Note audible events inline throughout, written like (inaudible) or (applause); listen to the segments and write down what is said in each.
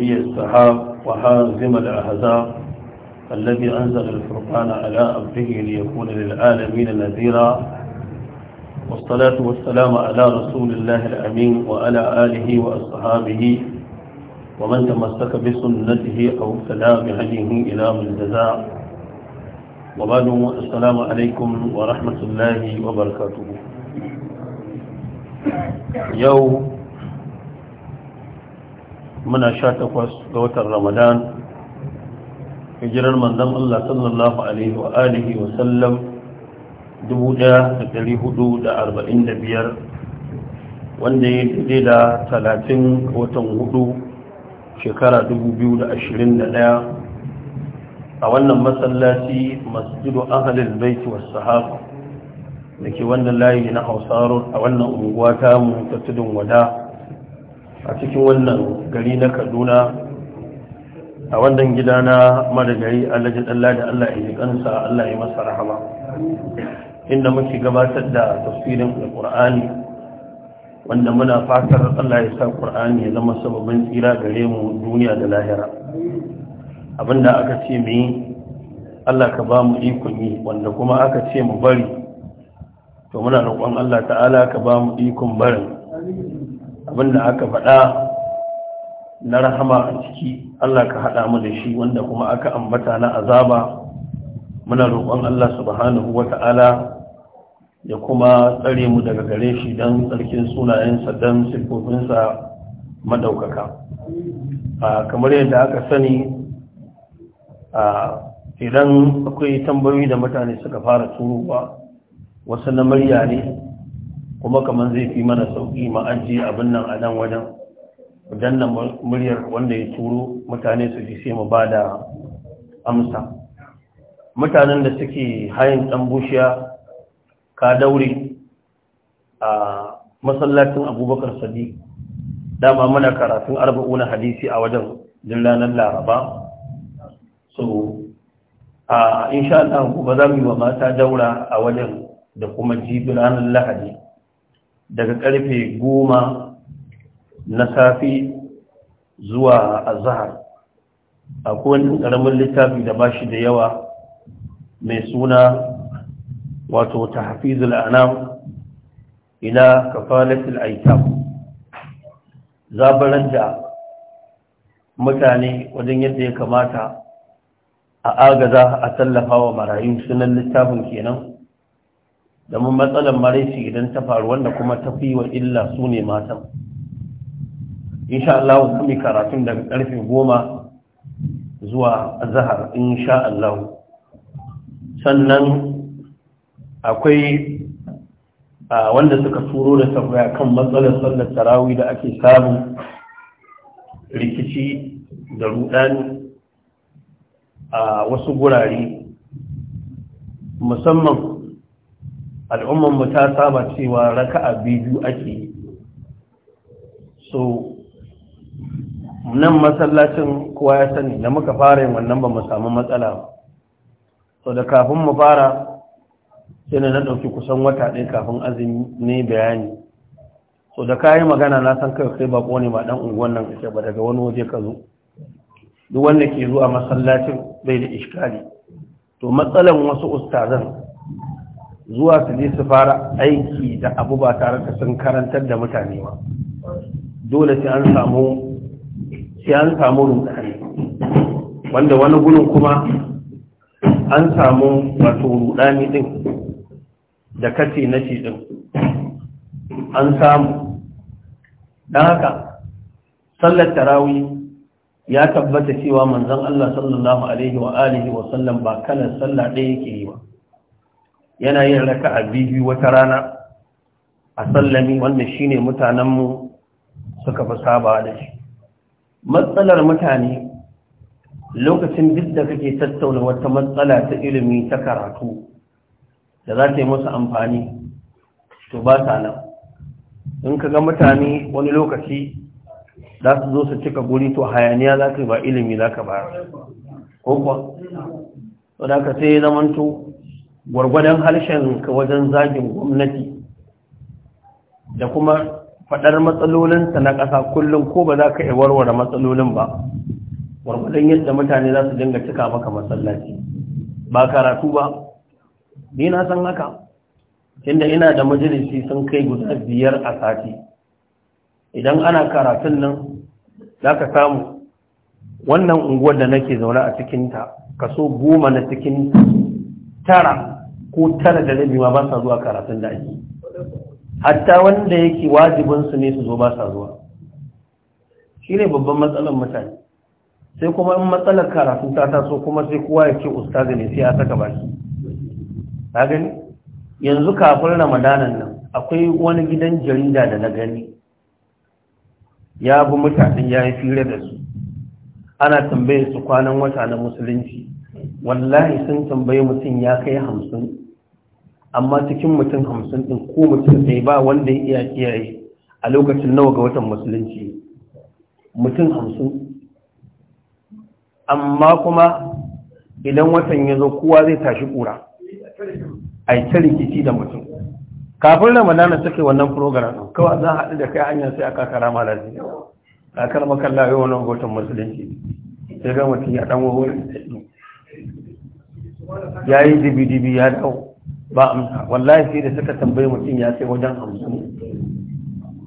هي السحاب وحازم الأحزاب الذي أنزل الفرقان على عبده ليكون للعالمين نذيرا والصلاة والسلام على رسول الله الأمين وعلى آله وأصحابه ومن تمسك بسنته أو سلام عليه إلى من جزاء وبعد السلام عليكم ورحمة الله وبركاته يوم muna sha takwas ga watan ramadan hijirar manzan Allah sallallahu alaihi wa alihi wa sallam 1445 wanda ya daidai da talatin watan hudu shekara 2021 a wannan masallaci masjidu ahalil baiti was sahaba da ke wannan layi na hausarun a wannan unguwa ta mu ta tudun wada a cikin wannan gari na kaduna a wannan gida na madagari alhaji dalla da allah ya kansa allah ya masa rahama inda muke gabatar da tafsirin alkur'ani wanda muna fatar allah ya sa qur'ani ya zama sababin tsira gare mu duniya da lahira abinda aka ce mu yi allah ka ba mu ikon yi wanda kuma aka ce mu bari to muna roƙon allah ta'ala ka ba mu ikon barin abin da aka faɗa na rahama a ciki Allah ka haɗa mu da shi wanda kuma aka ambata na azaba muna roƙon Allah subhanahu wata'ala ya kuma tsare mu daga gare shi don tsarkin sunayensa don siffofinsa madaukaka kamar yadda aka sani idan akwai tambayoyi da mutane suka fara turowa wasu na murya ne kuma kamar zai fi mana sauƙi ma'aji abin nan a nan wajen wajen nan muryar wanda ya turo mutane su ji sai mu ba da amsa mutanen da suke hayin bushiya ka daure a masallacin abubakar sadi dama muna karatun arba'una hadisi a wajen din ranar laraba so a insha Allah ba za mu yi wa mata daura a wajen da kuma jibi ranar lahadi daga karfe goma na safi zuwa azahar akwai wani ƙaramin littafi da bashi da yawa mai suna wato ta ina anam ila kafalatul aitam zabarar da mutane wajen yadda ya kamata a agaza a tallafa wa marayu sunan littafin kenan domin matsalar maraici idan ta faru wanda kuma ta fi wa illa su ne matan insha Allah karatun daga karfe goma zuwa zahar insha sannan akwai wanda suka turo da tambaya kan matsalar sallar tarawih da ake samu rikici da rudani a wasu gurare musamman al'umman mu ta saba cewa raka'a biyu ake yi so nan masallacin kowa ya sani da muka fara yin wannan ba mu samu matsala ba so da kafin mu fara sai na ɗauki kusan wata ɗaya kafin azumi ne bayani so da kayi magana na san kai kai bako ne ba dan unguwan nan kake ba daga wani waje ka zo duk wanda ke zuwa masallacin bai da iskali to matsalan wasu ustazan zuwa su je su fara aiki da abu ba tare da sun karantar da mutane ba dole sai an samu sai an samu rudani wanda wani gudun kuma an samu wato rudani din da kace na ce din an samu don haka sallar tarawi ya tabbata cewa manzon Allah sallallahu alaihi wa alihi wa sallam ba kalan sallah ɗaya yake yi ba yana yin raka a bibi wata rana a sallami wannan shine mutanenmu suka fi saba da shi matsalar mutane lokacin duk da kake tattauna wata matsala ta ilimi ta karatu da za ta yi musu amfani to ba ta nan in ka ga mutane wani lokaci za su zo su cika guri to hayaniya za ka yi ba ilimi za ka ba ko kuwa? sai zamanto gwargwadon harshen ka wajen zagin gwamnati da kuma faɗar matsalolinsa na ƙasa kullum ko ba za ka yi warware matsalolin ba gwargwadon yadda mutane za su dinga cika maka masallaci ba karatu ba ni na san haka inda ina da majalisi sun kai guda biyar a sati idan ana karatun nan za ka samu wannan unguwar da nake zaune a cikinta kaso goma na cikin tara ko tara da rabi ma ba sa zuwa karatun da ake hatta wanda yake wajibin su ne su zo ba sa zuwa shi ne babban matsalar mutane sai kuma in matsalar karatu ta taso kuma sai kowa ya ce ustazi ne sai a saka baki ta gani yanzu kafin ramadanan nan akwai wani gidan jarida da na gani ya bi mutane ya yi fira da su ana tambaye su kwanan wata na musulunci wallahi sun tambaye mutum ya kai hamsin amma cikin mutum hamsin ɗin ko mutum sai ba wanda ya iya kiyaye a lokacin nawa ga watan musulunci mutum hamsin amma kuma idan watan ya zo kowa zai tashi ƙura a yi ta rikici da mutum kafin ramadana suke wannan program ɗin kawai za haɗu da kai hanyar sai aka kara ma a kar makalla yau wani watan musulunci sai ga mutum ya ɗan wuri ya yi dibi-dibi ya dawo ba amsa wallahi sai da suka tambaye mutum ya sai wajen hamsin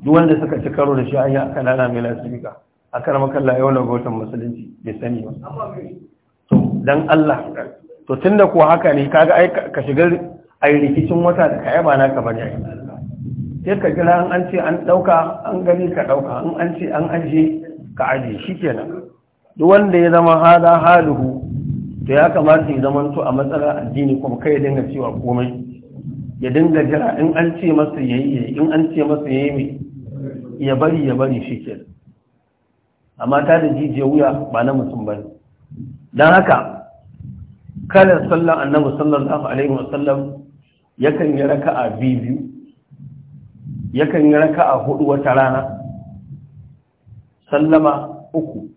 duk wanda suka ci karo da shi an yi aka lana mai lasifika a kan makalla yau gautan musulunci bai sani ba to dan Allah to tunda ko haka ne kaga ai ka shiga ai rikicin wata da kayaba ba ka bane ai sai ka jira an ce an dauka an gani ka dauka an an ce an aje ka aje shikenan duk wanda ya zama hada haluhu to ya kamata ya to a matsalar addini kuma kai ya dinga cewa komai ya dinga jira in an ce masa yayi in an ce masa yayi ya bari ya bari shi ke amma ta da jijiyar wuya ba na mutum ba ne don haka kada sallan annabi sallallahu alaihi wasallam yakan yi raka'a biyu yakan yi raka'a hudu wata rana sallama uku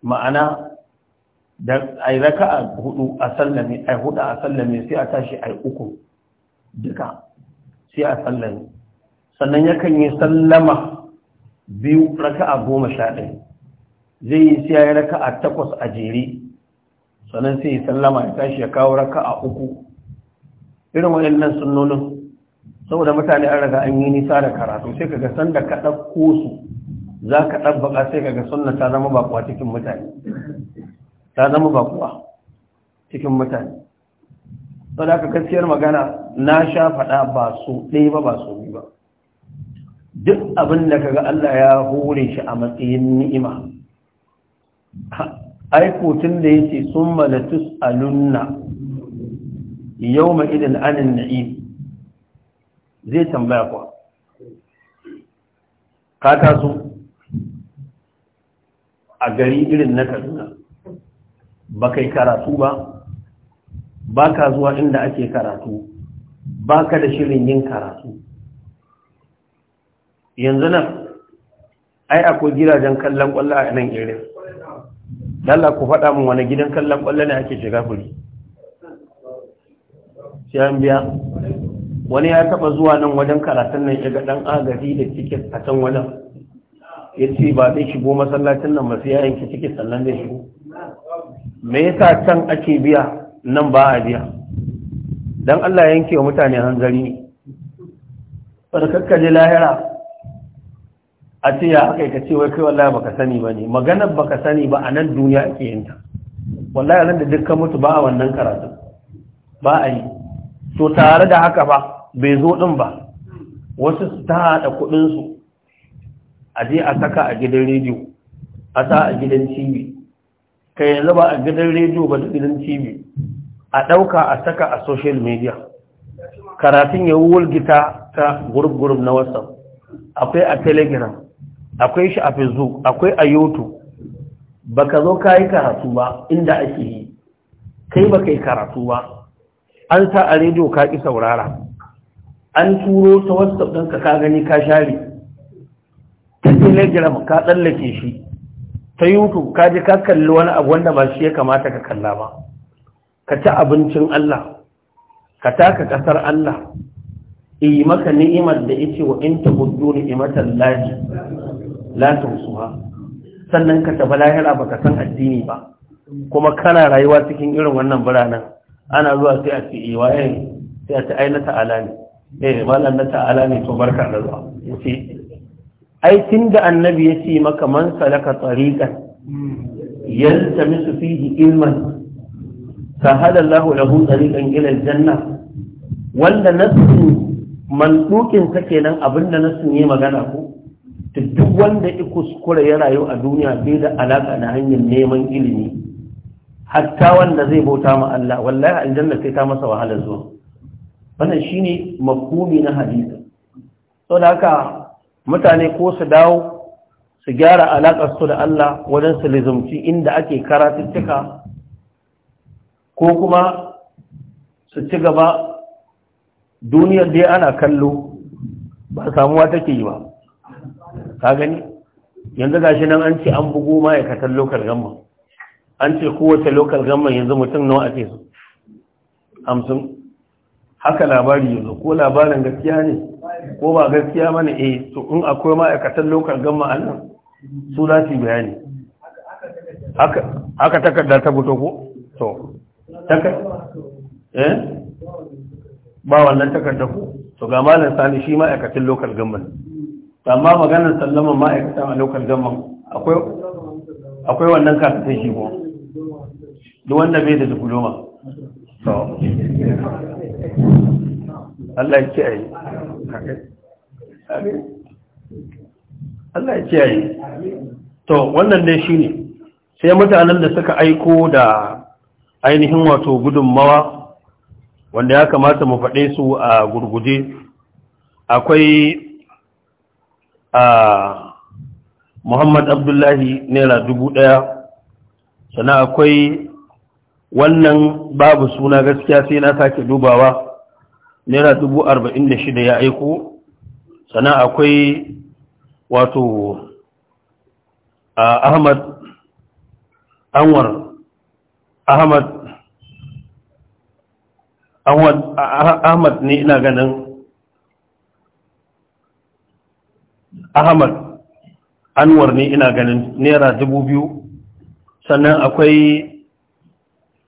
ma'ana Dan ai raka'a hudu a sallame ai hudu a sallame sai a tashi ai uku duka sai a sallame sannan yakan yi sallama biyu raka'a goma sha ɗaya zai yi sai ya raka'a takwas a jere sannan sai ya sallama ya tashi ya kawo raka'a uku irin waɗannan sunnonin saboda mutane an raga an yi nisa da karatu sai kaga sanda ka ɗauko su za ka ɗabbaka sai kaga sunna ta zama bakwa cikin mutane ta zama bakuwa cikin mutane sau da gaskiyar magana na sha faɗa ba su ɗaya ba ba su ba duk abin da kaga Allah ya hore shi a matsayin ni'ima aikotun da ya ce sun malatus nuna yau ma'idan anin na'i zai tambaya kuwa ka taso a gari irin na kaduna ba kai karatu ba ba ka zuwa inda ake karatu ba ka da shirin yin karatu yanzu nan ai akwai gidajen kallon kwallo a nan irin lalla ku faɗa min wani gidan kallon kwallo ne ake shiga fuli sai an biya wani ya taɓa zuwa nan wajen karatun nan ya ga ɗan agaji da cikin a can wajen ya ce ba zai shigo masallacin nan masu yayin cikin sannan zai shigo me yasa can ake biya nan ba a biya dan Allah yanke wa mutane hanzari ne farkakkaje lahira a ce ya aka ka ce wai kai wallahi baka sani bane maganar baka sani ba a nan duniya ake yin ta wallahi nan da dukkan mutu ba a wannan karatu ba a yi to tare da haka ba bai zo din ba wasu su ta haɗa kuɗinsu a je a saka a gidan rediyo a sa a gidan TV. Ka yanzu ba a gidan rediyo ba da gidan tv a ɗauka a saka a social media karatun ya gita ta gurgurum na wasan. akwai a telegram akwai shi a facebook akwai a youtube ba zo ka yi karatu ba inda ake yi kai ba yi karatu ba an sa a rediyo ka ki saurara an turo ta wasu ɗinka ka gani ka share ta telegram ka tsallake shi ta youtube ka je ka kalli wani abu wanda ba shi ya kamata ka kalla ba ka ci abincin Allah ka taka kasar Allah yi maka ni'imar da yake wa in tahuddu ni'matan laji la tusuha sannan ka tafi lahira baka san addini ba kuma kana rayuwa cikin irin wannan biranen ana zuwa sai a ce iwaye eh, sai a ta ai na ta'ala ne eh malam na ta'ala ne to barka da zuwa ai da annabi ya ce maka man salaka yalta misu fihi ilman sahala Allahu lahu tsarikan ila janna wanda nasu mantukin ta kenan abinda nasu ne magana ko duk wanda ya kuskure ya rayu a duniya bai da alaka da hanyar neman ilimi hatta wanda zai bauta ma Allah wallahi aljanna sai ta masa wahala zuwa wannan shine makumi na hadisi saboda haka mutane ko su dawo su gyara alaƙar su da Allah wajen su lizumci inda ake karatuttuka ko kuma su ci gaba duniyar dai ana kallo ba samuwa take yi ba ka gani yanzu gashi nan an ce an bugu ma'aikatan lokal gamma an ce kowace lokal gamma yanzu mutum nawa ake su hamsin haka labari yanzu ko labarin gaskiya ne ko ba gaskiya mana eh to in akwai ma'aikatan lokal gamma a nan su za su bayani haka takarda ta fito ko to eh ba wannan takarda ko to ga malam sani shi ma'aikatan lokal gamma amma maganar sallama ma'aikatan a lokal gamma akwai akwai wannan ta shi ko duk wanda bai da diploma to Allah ya kiyaye Allah ya kiyaye to wannan dai shine sai mutanen da suka aiko da ainihin wato gudunmawa wanda ya kamata mu faɗe su a gurguje akwai a Muhammad Abdullahi Naira dubu ɗaya, sana akwai wannan babu suna gaskiya sai na sake dubawa naira dubu arba'in da shida ya aiko sannan akwai wato ah, ahmad anwar ahmad ah, ahmad ne ina ganin ahmad anwar ne ina ganin naira dubu biyu sannan akwai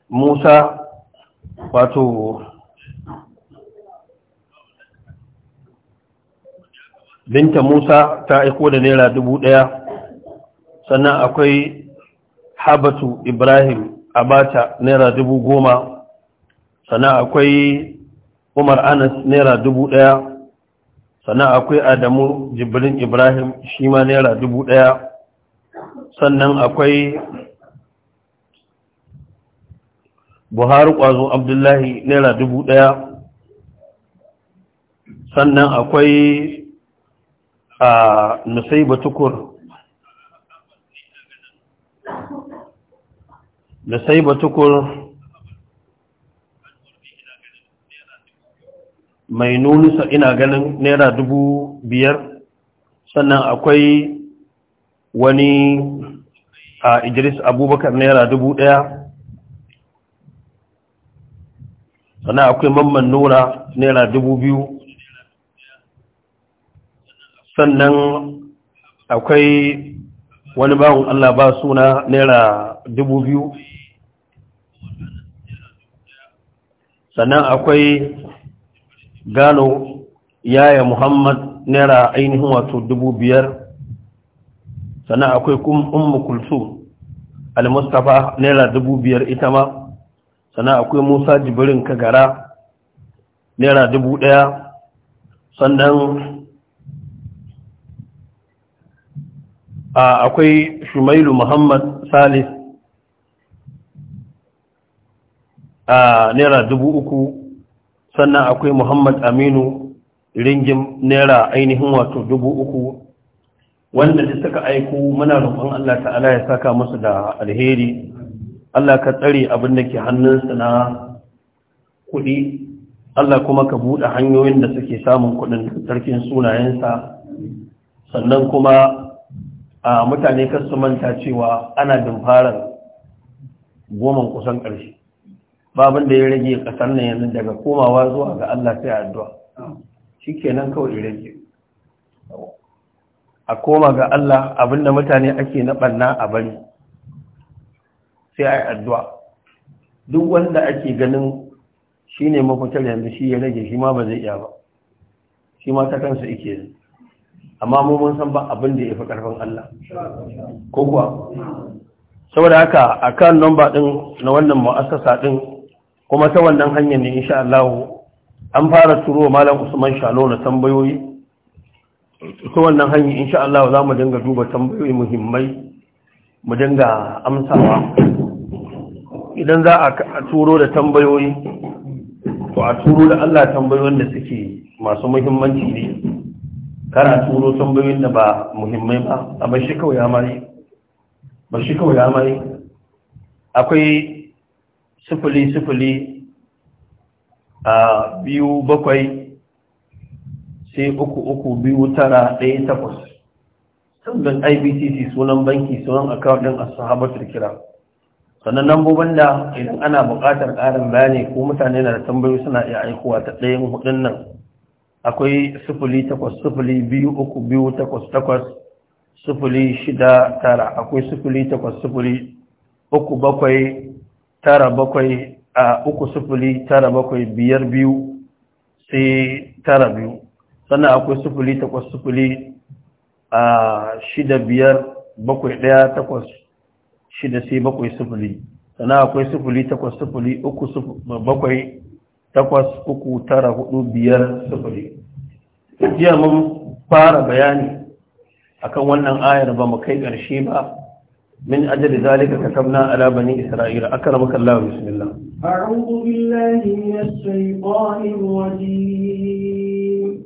musa wato binta musa ta aiko da naira dubu ɗaya sannan akwai habatu ibrahim abata naira dubu goma sannan akwai umar anas naira dubu ɗaya sannan akwai adamu jibrin ibrahim shi ma naira dubu ɗaya sannan akwai buhari ƙwazo abdullahi naira dubu ɗaya sannan akwai a nusaiba tukur nusaiba tukur mai nunusa ina ganin naira dubu biyar sannan akwai wani a idris abubakar naira dubu daya sannan akwai mamman nura naira dubu biyu sannan akwai wani bawon Allah ba suna naira dubu biyu sannan akwai gano yaya Muhammad naira ainihin wato dubu biyar sannan akwai ummu kulsu al-mustapha naira dubu biyar ita ma sannan akwai musa jibirin kagara naira dubu ɗaya sannan akwai shumailu muhammad salis a naira dubu uku sannan akwai muhammad aminu ringin naira ainihin wato dubu uku wanda da suka aiko muna rufin allah ta'ala ya saka musu da alheri allah ka tsare abin da ke hannunsa na kuɗi allah kuma ka buɗe hanyoyin da suke samun kuɗin sarkin sunayensa sannan kuma a mutane kasu manta cewa ana dumfarar goma kusan ƙarshe babin da ya rage ƙasar nan yanzu daga komawa zuwa ga Allah sai addu'a shi kenan kawai ya rage a koma ga Allah abinda mutane ake na ɓanna a bari sai a yi addu'a duk wanda ake ganin shi ne mafitar yanzu shi ya rage shi ma ba zai iya ba shi ma ta kansa ike yanzu. amma mu mun san ba abin da ya fi ƙarfin Allah ko kuwa saboda haka akan nomba din na wannan mu'assasa din, kuma ta wannan hanyar ne insha Allah an fara turo malam Usman Shalo na tambayoyi ta wannan hanyar insha Allah za mu dinga duba tambayoyi muhimmai mu dinga amsawa idan za a turo da tambayoyi to a turo da Allah tambayoyin da suke masu muhimmanci ne kana turo tambayoyin da ba muhimmai ba a bashi kawai amari bashi kawai amari akwai sifili sifili a biyu bakwai sai uku uku biyu tara ɗaya takwas sannan ibtc sunan banki sunan akawar ɗin a sahabatar kira sannan lambobin da idan ana buƙatar ƙarin bayani ko mutane na da tambayoyi suna iya aikowa ta ɗayan hudun nan akwai sufuli takwas sufuli biyu uku biyu takwas takwas sufuli shida tara akwai sufuli takwas sufuli uku bakwai tara bakwai a uku sufuli tara bakwai biyar biyu sai tara biyu sannan akwai sufuli takwas sufuli a shida biyar bakwai daya takwas shida sai bakwai sufuli sannan akwai sufuli takwas sufuli uku bakwai takwas uku tara hudu biyar sufuri jiya mun fara bayani akan wannan ayar ba mu kai ƙarshe ba من أجل ذلك كتبنا على بني إسرائيل أكرمك الله بسم الله أعوذ بالله من الشيطان الرجيم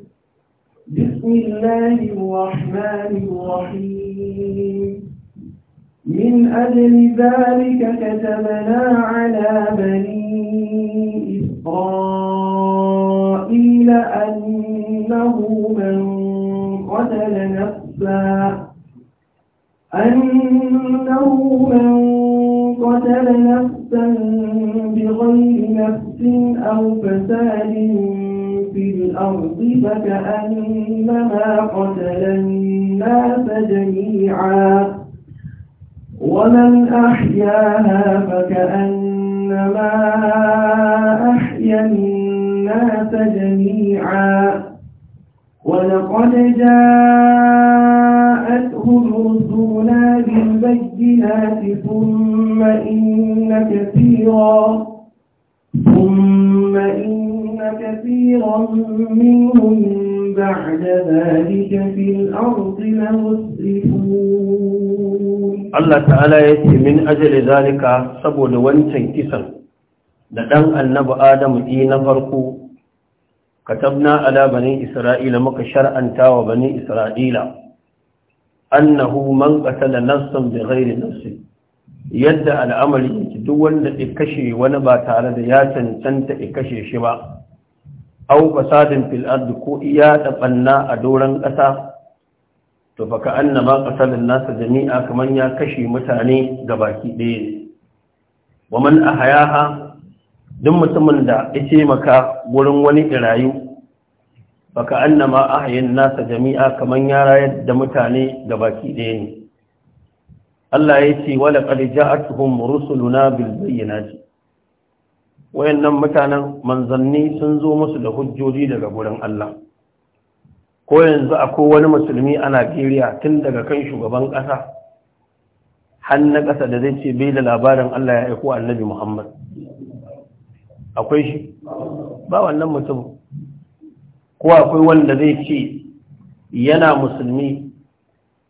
بسم الله الرحمن الرحيم من أجل ذلك كتبنا على بني إسرائيل أنه من قتل نفسا أنه من قتل نفسا بغير نفس أو فساد في الأرض فكأنما قتل الناس جميعا ومن أحياها فكأنما أحيا الناس جميعا ولقد جاءتهم رسولا بالبينات ثم إن كثيرا ثم إن كثيرا منهم بعد ذلك في الأرض لمسرفون الله تعالى يتي من أجل ذلك سبول وانتن كسر لدن النبى آدم إينا فرقو كتبنا على بني إسرائيل مك شرعا تاو بني إسرائيل أنه من قتل نفسا بغير نفس يد الأمر يجدون لإكشي ونبا تعالى ياتن سنت إكشي شبا au fasadin fil ardi ko iya tabanna a doran ƙasa to baka annama qasalan nasa jami'a kaman ya kashe mutane gabaki ɗaya wa man ahayaha duk mutumin da ya taimaka gurin wani irayu baka annama ahayin nasa jami'a kaman ya rayar da mutane gabaki ɗaya Allah ya ce wala qad ja'atuhum rusuluna bil bayyinati wayannan mutanen manzanni sun zo musu da hujjoji daga gurin Allah ko yanzu akwai wani musulmi a Najeriya tun daga kan shugaban ƙasa har na ƙasa da zai ce bai da labarin Allah ya aiko annabi Muhammad akwai shi ba wannan mutum ko akwai wanda zai ce yana musulmi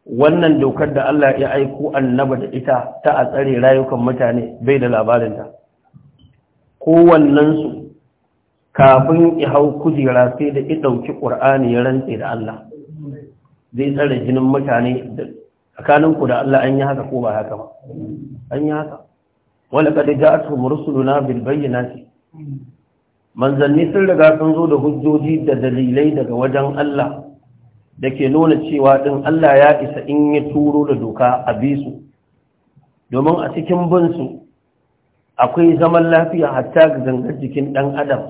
wannan dokar da Allah ya aiko annaba da ita ta a tsare rayukan mutane bai da labarin ta? kowannensu kafin ya hau kujera sai da ya ɗauki ƙur'ani ya rantse da Allah zai tsare jinin mutane tsakaninku da Allah an yi haka ko ba haka ba an yi haka wani kada aka mursuluna bil ce. manzanni sun riga sun zo da hujjoji da dalilai daga wajen Allah da ke nuna cewa ɗin Allah ya isa in ya turo da doka a bisu domin a cikin bansu. akwai zaman lafiya hatta ga gangar jikin ɗan adam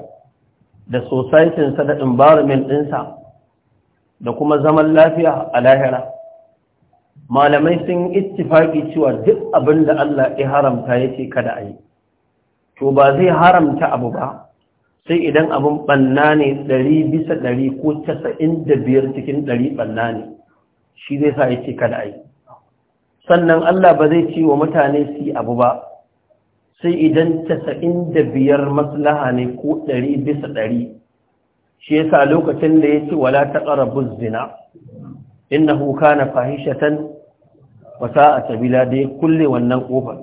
da societinsa da environment ɗinsa da kuma zaman lafiya a lahira malamai sun yi ittifaki cewa duk abin da Allah ya haramta ya ce kada a yi to ba zai haramta abu ba sai idan abin ɓanna ne ɗari bisa ɗari ko casa'in da biyar cikin ɗari ɓanna ne shi zai sa ya ce kada a yi sannan Allah ba zai ce wa mutane su yi abu ba sai idan casa'in da biyar maslaha ne ko ɗari bisa ɗari shi yasa lokacin da ya ce wala ta ƙarabuz zina inna huka na fahishatan wata a tabila da ya kulle wannan ƙofar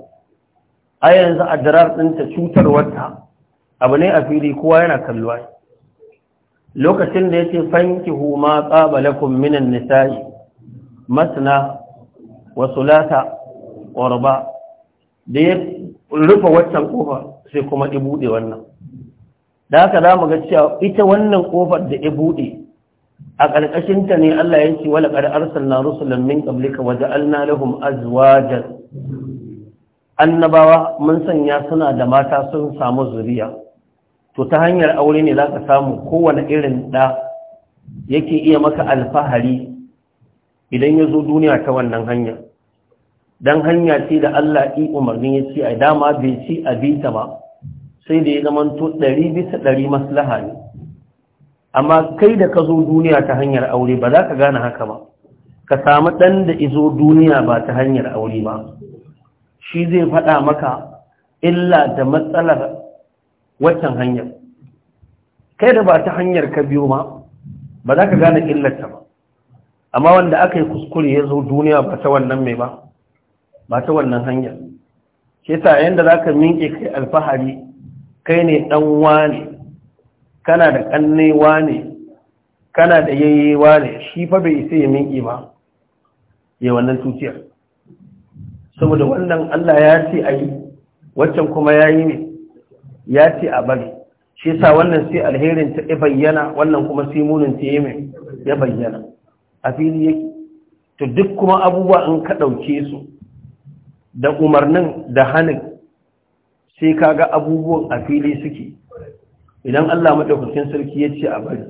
a yanzu a darar ɗinta cutarwarta abu ne a fili kowa yana kalluwa lokacin da ya ce fanki huma ƙabalakun minan nisa'i masna wasulata ƙorba da ya rufe wancan kofar sai kuma ya buɗe wannan da haka za mu ga cewa ita wannan kofar da ya buɗe a ƙarƙashinta ne Allah ya ce wala qad na rusulan min qablika wa ja'alna lahum azwajan annabawa mun sanya suna da mata sun samu zuriya to ta hanyar aure ne zaka samu kowane irin ɗa yake iya maka alfahari idan ya zo duniya ta wannan hanyar dan hanya ce da Allah ɗi umarnin ya ce a dama bai ci a bita ba sai da ya zama to ɗari bisa ɗari maslaha ne amma kai da ka zo duniya ta hanyar aure ba za ka gane haka ba ka samu ɗan da izo duniya ba ta hanyar aure ba shi zai faɗa maka illa da matsalar waccan hanyar kai da ba ta hanyar ka biyo ma ba za ka gane illarta ba amma wanda aka yi kuskure ya zo duniya ba ta wannan mai ba ba ta wannan hanyar shi sa za ka minke kai alfahari kai ne dan wane kana da kanne wane kana da yayye wane shi fa bai isa ya minke ba ya wannan tutiyar saboda wannan Allah ya ce a yi waccan kuma ya yi ne ya ce a bari shi sa wannan sai alherin ta ya bayyana wannan kuma sai munin ta yi mai ya bayyana a fili yake to duk kuma abubuwa in ka ɗauke su da umarnin da hannun sai kaga abubuwan a fili suke idan Allah madaukakin sarki ya ce a bari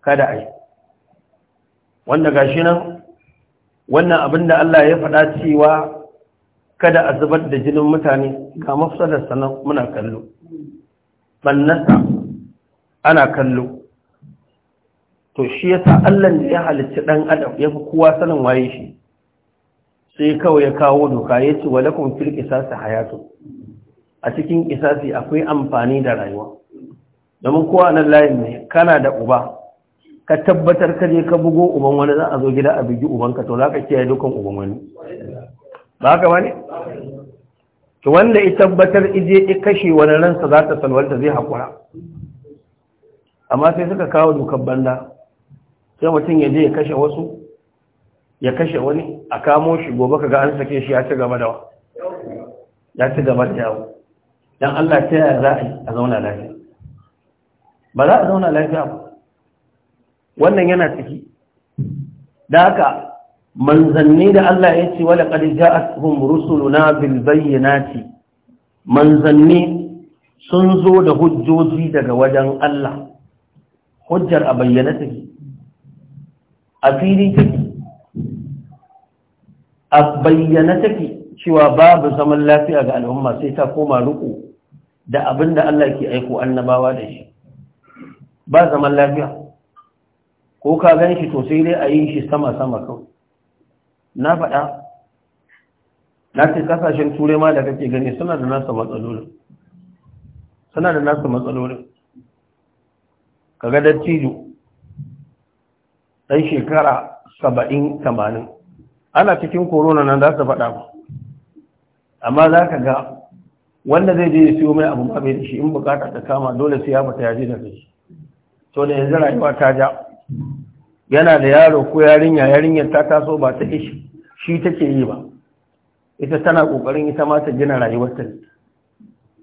kada a yi wanda gashi nan wannan abin da Allah ya faɗa cewa kada a zubar da jinin mutane ga mafsadar sanar muna kallo bannasa ana kallo to shi ya sa Allah ya halicci dan adam ya fi kowa sanin waye shi sai kawai ya kawo doka ya ce walakun fil qisasi hayatu a cikin qisasi akwai amfani da rayuwa domin kowa nan layin ne kana da uba ka tabbatar ka je ka bugo uban wani za a zo gida a bigi uban ka to za ka kiyaye dukan uban wani ba haka bane to wanda ya tabbatar ije ya kashe wani ransa za ta ta zai haƙura. amma sai suka kawo dokar banda sai mutum ya je ya kashe wasu ya kashe wani a kamo shi gobe kaga an sake shi ya ci gaba da ya ci gaba da yawo dan Allah ta yaya za a zauna lafiya ba za a zauna lafiya ba wannan yana ciki da haka manzanni da Allah ya ce wala qad ja'atuhum rusuluna bil bayyinati manzanni sun zo da hujjoji daga wajen Allah hujjar a bayyana take a fili take a bayyana take cewa babu zaman lafiya ga al'umma sai ta koma ruku da abin da Allah ke aiko annabawa da shi ba zaman lafiya ko ka gan shi to sai dai a yi shi sama-sama kawai na faɗa na ce kasashen turai ma da kake gani suna da nasa matsalolin suna da nasa matsalolin ka ga dattijo ɗan shekara saba'in tamanin ana cikin korona nan za su faɗa ba amma za ka ga wanda zai je ya siyo mai abu ba da shi in bukata ta kama dole sai ya bata yaje da kai to da yanzu rayuwa ta ja yana da yaro ko yarinya yarinyar ta taso ba ta ishi shi take yi ba ita tana kokarin ita ma ta gina rayuwar ta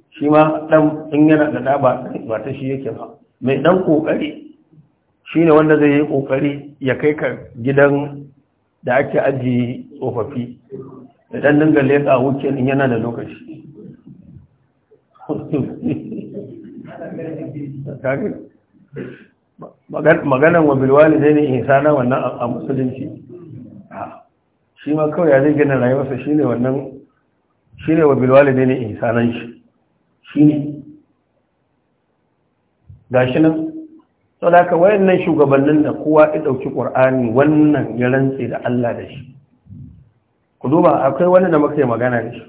shi ma dan in yana da da ba ba ta shi yake ba mai dan kokari shine wanda zai yi kokari ya kai ka gidan da ake ajiye tsofaffi da ɗan dinga leƙa wukin in yana da lokaci maganan wa bilwali zai ne insana wannan a musulunci shi ma kawai ya zai gina rayuwarsa shi ne wannan shi ne wa bilwali zai ne insanan shi shi ne ga shi nan sau ka wayannan shugabannin da kowa ya ɗauki ƙwar'ani wannan ya rantse da Allah da shi ku duba akwai wani da muka yi magana da shi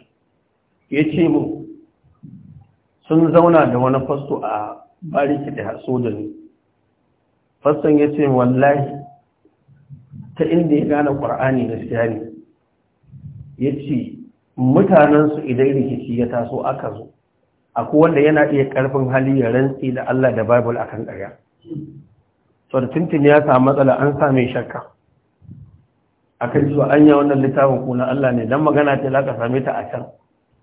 ya ce mu sun zauna da wani fasto a bariki da sojan faston ya ce wallahi ta inda ya gane ƙwar'ani da ne ya ce mutanensu idan rikici ya taso aka zo akwai wanda yana iya ƙarfin hali ya rantse da Allah da Bible akan ƙarya so da tuntun ya samu matsala an sami shakka a kan cewa an yi wannan littafin kuna Allah ne don magana ta za same ta a can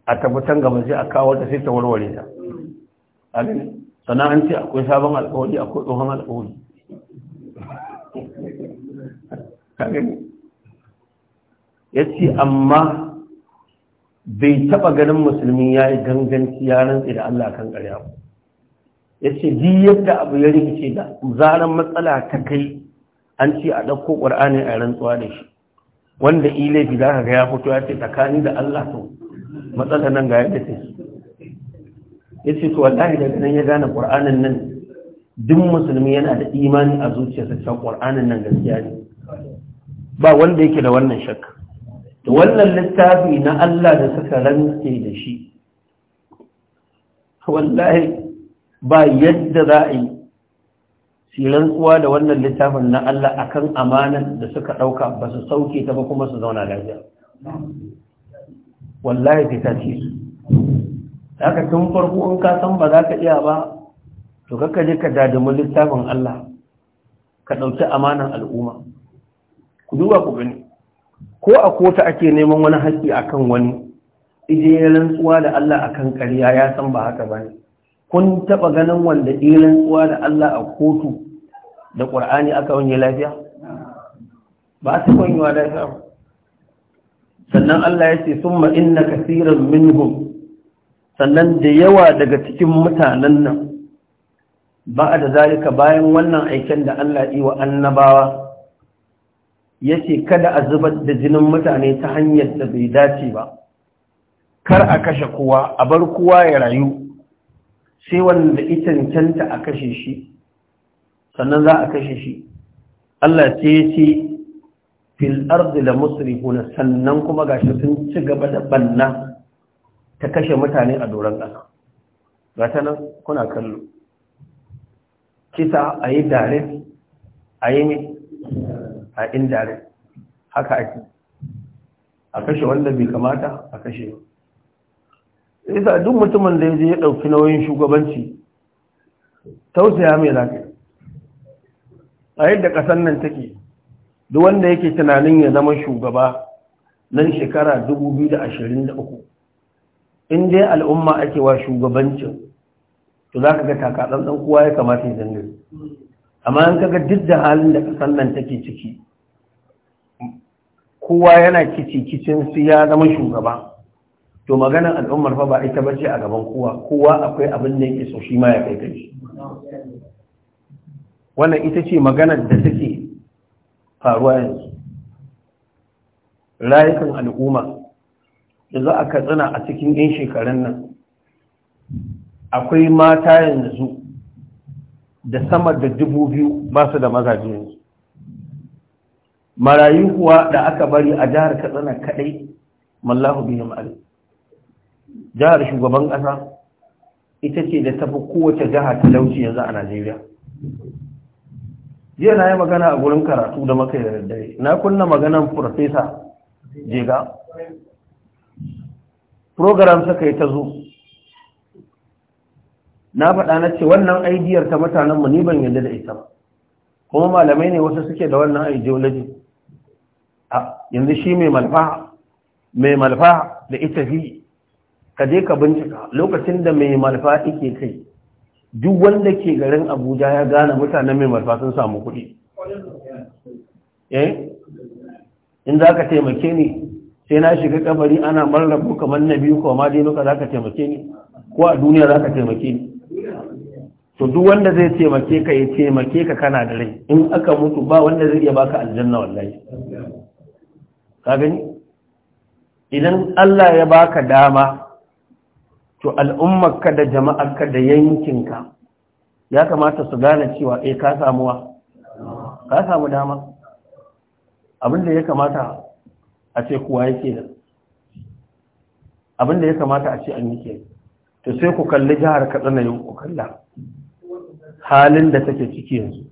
a tabbatar gaba sai a kawo ta sai ta warware ta sannan an ce akwai sabon alkawari akwai tsohon alkawari (laughs) ya ce amma bai taɓa ganin musulmi ya yi ganganci ya rantsi da Allah kan ƙarya ba ya ce di yadda abu ya rikice da zaran matsala ta kai an ce a ɗauko ƙwar'ani a rantsuwa da shi wanda ilaifi za ka ga ya fito ya ce tsakani da Allah to matsala nan ga yadda take ya ce to wallahi daga nan ya gane ƙwar'anin nan duk musulmi yana da imani a zuciyarsa cewa ƙwar'anin nan gaskiya ne ba wanda yake da wannan shakka to wannan littafi na Allah da suka rantse da shi wallahi ba yadda za a yi siran kuwa da wannan littafin na Allah akan amanan da suka ɗauka ba su sauke ta ba kuma su zauna lafiya wallahi ta tafi su haka tun farko in ka san ba za ka iya ba to kakka je ka dadamu littafin Allah ka ɗauki amanan al'umma ku duba ku gani ko a kota ake neman wani haƙƙi akan wani ije ya rantsuwa da Allah akan ƙarya ya san ba haka ba ne kun taɓa ganin wanda irin tsuwa da Allah a kotu da ƙwar'ani aka wanye lafiya ba su kwanyewa lafiya sannan Allah ya ce sun na kasirar minhum sannan da yawa daga cikin mutanen nan ba da zalika bayan wannan aiken da Allah yi wa annabawa ya ce kada a zubar da jinin mutane ta hanyar da bai dace ba kar a kashe kowa a bar kowa ya rayu sai wanda ita cancanta a kashe shi sannan za a kashe shi Allah ce ce fil ardi da musrifuna sannan kuma gashi sun ci gaba da banna ta kashe mutane a doron ƙasa ga ta nan kuna kallo kisa a yi dare a yi ne a in dare, haka ake a kashe wanda bai kamata a kashe ba isa duk mutumin da ya je ya ɗauki nauyin shugabanci tausaya mai zafi a yadda ƙasar nan take duk wanda yake tunanin ya zama shugaba nan shekara 2023 in dai al'umma ake wa shugabancin to za ka ga takatsan ɗan kowa ya kamata ya zangare amma an kaga duk da halin da ƙasar nan take ciki kowa yana kici kicin su ya zama shugaba to maganar al'ummar fa ba ita bace a gaban kowa kowa akwai abin da yake so shi ma ya kai kai wannan ita ce maganar da take faruwa yanzu rayukan al'umma da za a katsina a cikin 'yan shekarun nan akwai mata yanzu da sama da dubu biyu ba su da mazaje yanzu marayu kuwa da aka bari a jihar katsina kadai mallahu bihim alim jihar shugaban ƙasa ita ce da tafi kowace jiha talauci yanzu a najeriya jiya na yi magana a gurin karatu da maka da daddare na kunna maganan farfesa jega program suka yi ta zo na faɗa na ce wannan aidiyar ta mutanenmu ni ban yadda da ita ba kuma malamai ne wasu suke da wannan ideology a yanzu shi mai malfa mai malfa da ita fi ka je ka bincika lokacin da mai malfa yake kai duk wanda ke garin abuja ya gane mutanen mai malfa sun samu kuɗi eh in za ka taimake ni sai na shiga kabari ana marrabu kamar na biyu ko ma dinuka za ka taimake ni ko a duniya za ka taimake ni to duk wanda zai taimake ka ya taimake ka kana da rai in aka mutu ba wanda zai iya baka aljanna wallahi ka gani idan Allah ya baka dama to al'ummarka da jama'arka da yankinka ya kamata su gane cewa eh ka samuwa ka samu dama abinda ya kamata a ce kuwa yake da abinda ya kamata a ce an yake to sai ku kalli jihar katsina yin ku kalla halin da take ciki yanzu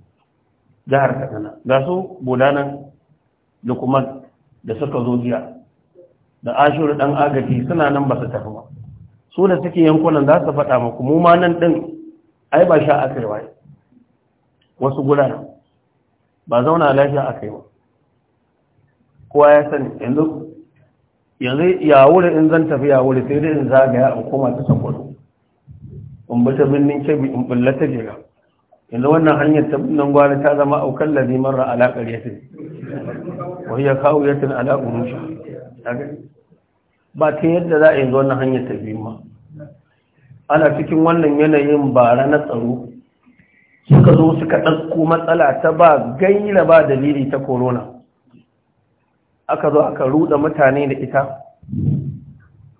jihar katsina ga su budanan da kuma da suka zo jiya da ashiru dan agaji suna nan ba su tafi ba su da suke yankunan za su faɗa maku mu ma nan ɗin ai ba sha aka yi wa wasu guraren ba zauna lafiya aka yi ba, kowa ya sani yanzu yanzu ya wuri in zan tafi ya wuri sai dai in zagaya in koma ta sakwado in bi ta birnin kebi in bulla ta jira yanzu wannan hanyar ta birnin gwari ta zama aukan lazi ra'ala ƙaryatin yatin wani ya kawo yatin alaƙar ba ta yadda za a yi wannan hanyar ta biyu ma ana cikin wannan yanayin bara na tsaro suka zo suka ɗasko matsala ta ba gaira ba dalili ta korona. aka zo aka ruɗa mutane da ita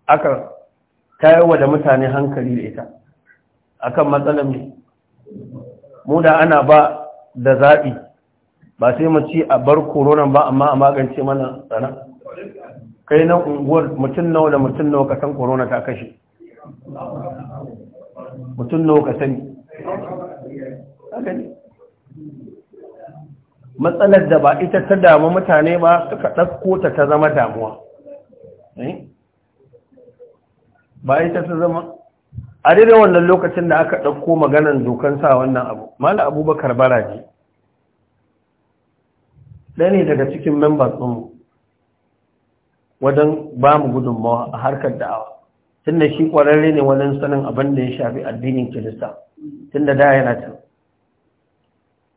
aka tayarwa da mutane hankali da ita akan matsalar mai mu da ana ba da zaɓi ba sai mu a bar koronan ba amma a magance mana tsana kai na unguwar mutum nawa da mutum nawa ka san corona ta kashe mutum nawa ka sani matsalar da ba ita ta damu mutane ba suka ɗauko ta ta zama damuwa eh? ba ita ta zama a daidai wannan lokacin da aka ɗauko maganan dokan sa wannan abu mala abubakar baraji ɗaya ne daga cikin members ɗinmu wajen ba mu gudunmawa a harkar da'awa tun da shi ƙwararre ne wajen sanin abin da ya shafi addinin kirista tun da da yana can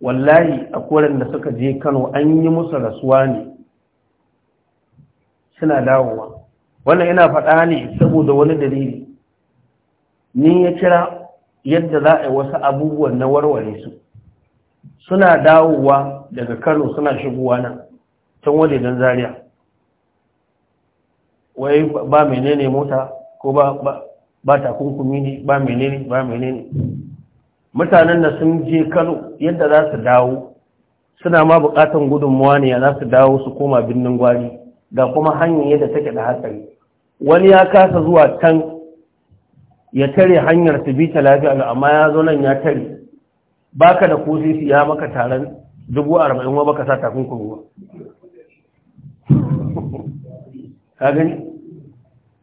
wallahi a koren da suka je kano an yi musu rasuwa ne suna dawowa wannan yana faɗa ne saboda wani dalili ni ya kira yadda za a yi wasu abubuwan na warware su suna dawowa daga kano suna shigowa nan can wajen zariya wai ba menene mota ko ba ba takunkumi ne ba menene ba menene mutanen da sun je Kano yadda za su dawo suna ma bukatan gudunmuwa ne za su dawo su koma birnin gwari da kuma hanyar yadda take da hatsari wani ya kasa zuwa can ya tare hanyar su bi ta lafiya amma ya zo nan ya tare baka da su ya maka taron dubu arba'in wa baka sa takunkumi ba (laughs) ka gani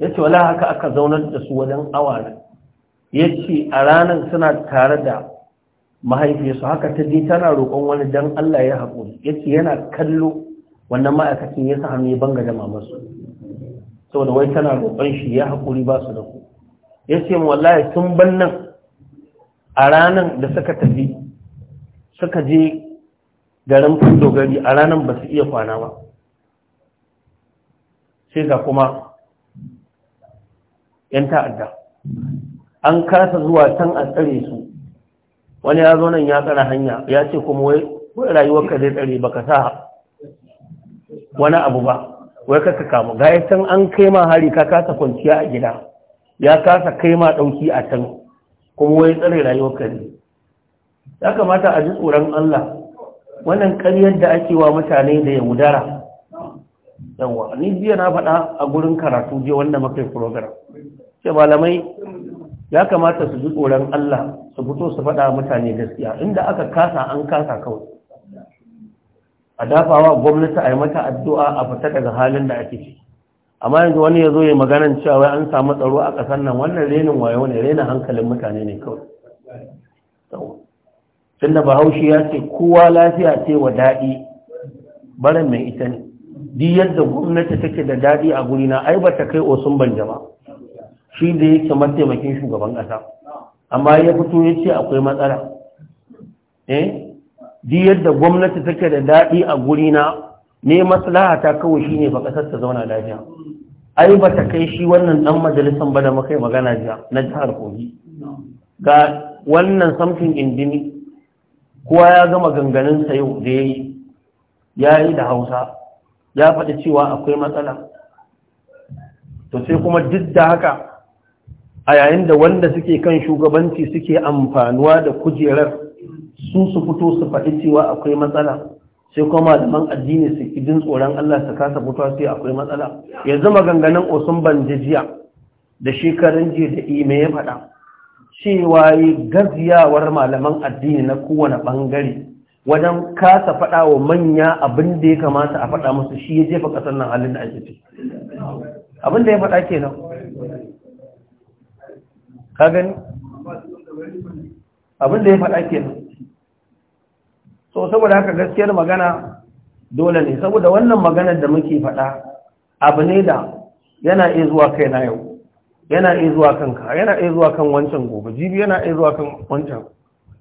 ya ce wala haka aka zaunar da su wajen awa ya ce a ranan suna tare da mahaifiyarsu haka ta je tana roƙon wani dan Allah ya haƙuri ya ce yana kallo wannan ma'aikacin ya sa hannu ya banga da mamarsu saboda wai tana roƙon shi ya haƙuri ba su da ku ya ce wallahi tun ban nan a ranar da suka tafi suka je garin fundogari a ranan ba su iya kwana ba sai ga kuma 'yan ta'adda an kasa zuwa can a tsare su wani ya zo nan ya tsara hanya ya ce kuma wai rayuwar ka zai tsare baka sa wani abu ba wai ka ka kamu ga can an kai ma hari ka kasa kwanciya a gida ya kasa kai ma ɗauki a can kuma wai tsare rayuwar ka ne ya kamata a ji tsoron Allah wannan ƙaryar da ake wa mutane da ya gudara yawa ni biya na faɗa a gurin karatu je wanda muka yi program ce malamai ya kamata su ji tsoron Allah su fito su faɗa mutane gaskiya inda aka kasa an kasa kawai a dafawa gwamnati a yi mata addu'a a fita daga halin da ake ciki amma yanzu wani ya zo ya maganan cewa wai an samu tsaro a ƙasar nan wannan renin wayo ne renin hankalin mutane ne kawai tunda bahaushe ya ce kowa lafiya ce wa daɗi barin mai ita ne Di yadda gwamnati take da daɗi a guri na ai ba ta kai osun ban jama'a shi da yake mataimakin shugaban ƙasa amma ya fito ya ce akwai matsala eh di yadda gwamnati take da daɗi a guri na, ne maslaha ta kawai shine ba ƙasar ta zauna lafiya ai ba ta kai shi wannan ɗan majalisan ba da makai magana jiya na jihar kogi ga wannan samfin indini kowa ya gama ganganin sa yau da ya yi da hausa ya faɗi cewa akwai matsala to sai kuma duk da haka a yayin da wanda suke kan shugabanci suke amfanuwa da kujerar sun su fito su faɗi cewa akwai matsala sai kuma malaman addini su idin tsoron Allah su kasa fitowa sai akwai matsala yanzu maganganun osun banjijiya da shekarun jiya da ime ya faɗa cewa yi gaziyawar malaman addini na kowane ɓangare wajen kasa faɗa wa manya abin da ya kamata a faɗa musu shi ya jefa ƙasar nan halin da ake ce abin da ya faɗa kenan ka gani abin da ya faɗa ke so saboda haka gaskiyar magana dole ne saboda wannan maganar da muke faɗa abu ne da yana iya zuwa kai na yau yana iya zuwa kanka yana iya zuwa kan wancan gobe jibi yana iya zuwa kan wancan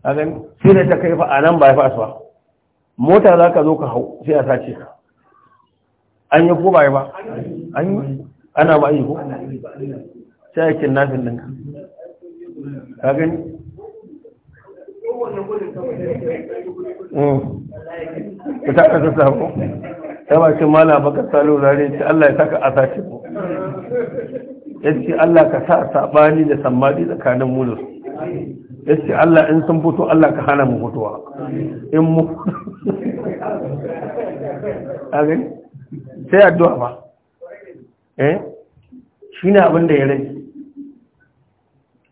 a gani sai da ta kai fa'a a nan ba ya fasuwa mota za ka zo ka hau sai a sace ka an yi ko ba ya ba an yi ana ba yi ko sai a kin nafin ɗinka ka gani eh. ku ta sako ta ba ce mala baka salo zare ce Allah ya saka asa ce ko ya ce Allah ka sa sabani da sammadi tsakanin mu da su ya ce Allah in sun fito Allah ka hana mu fitowa in mu a sai addu'a ba eh shi ne abin da ya rage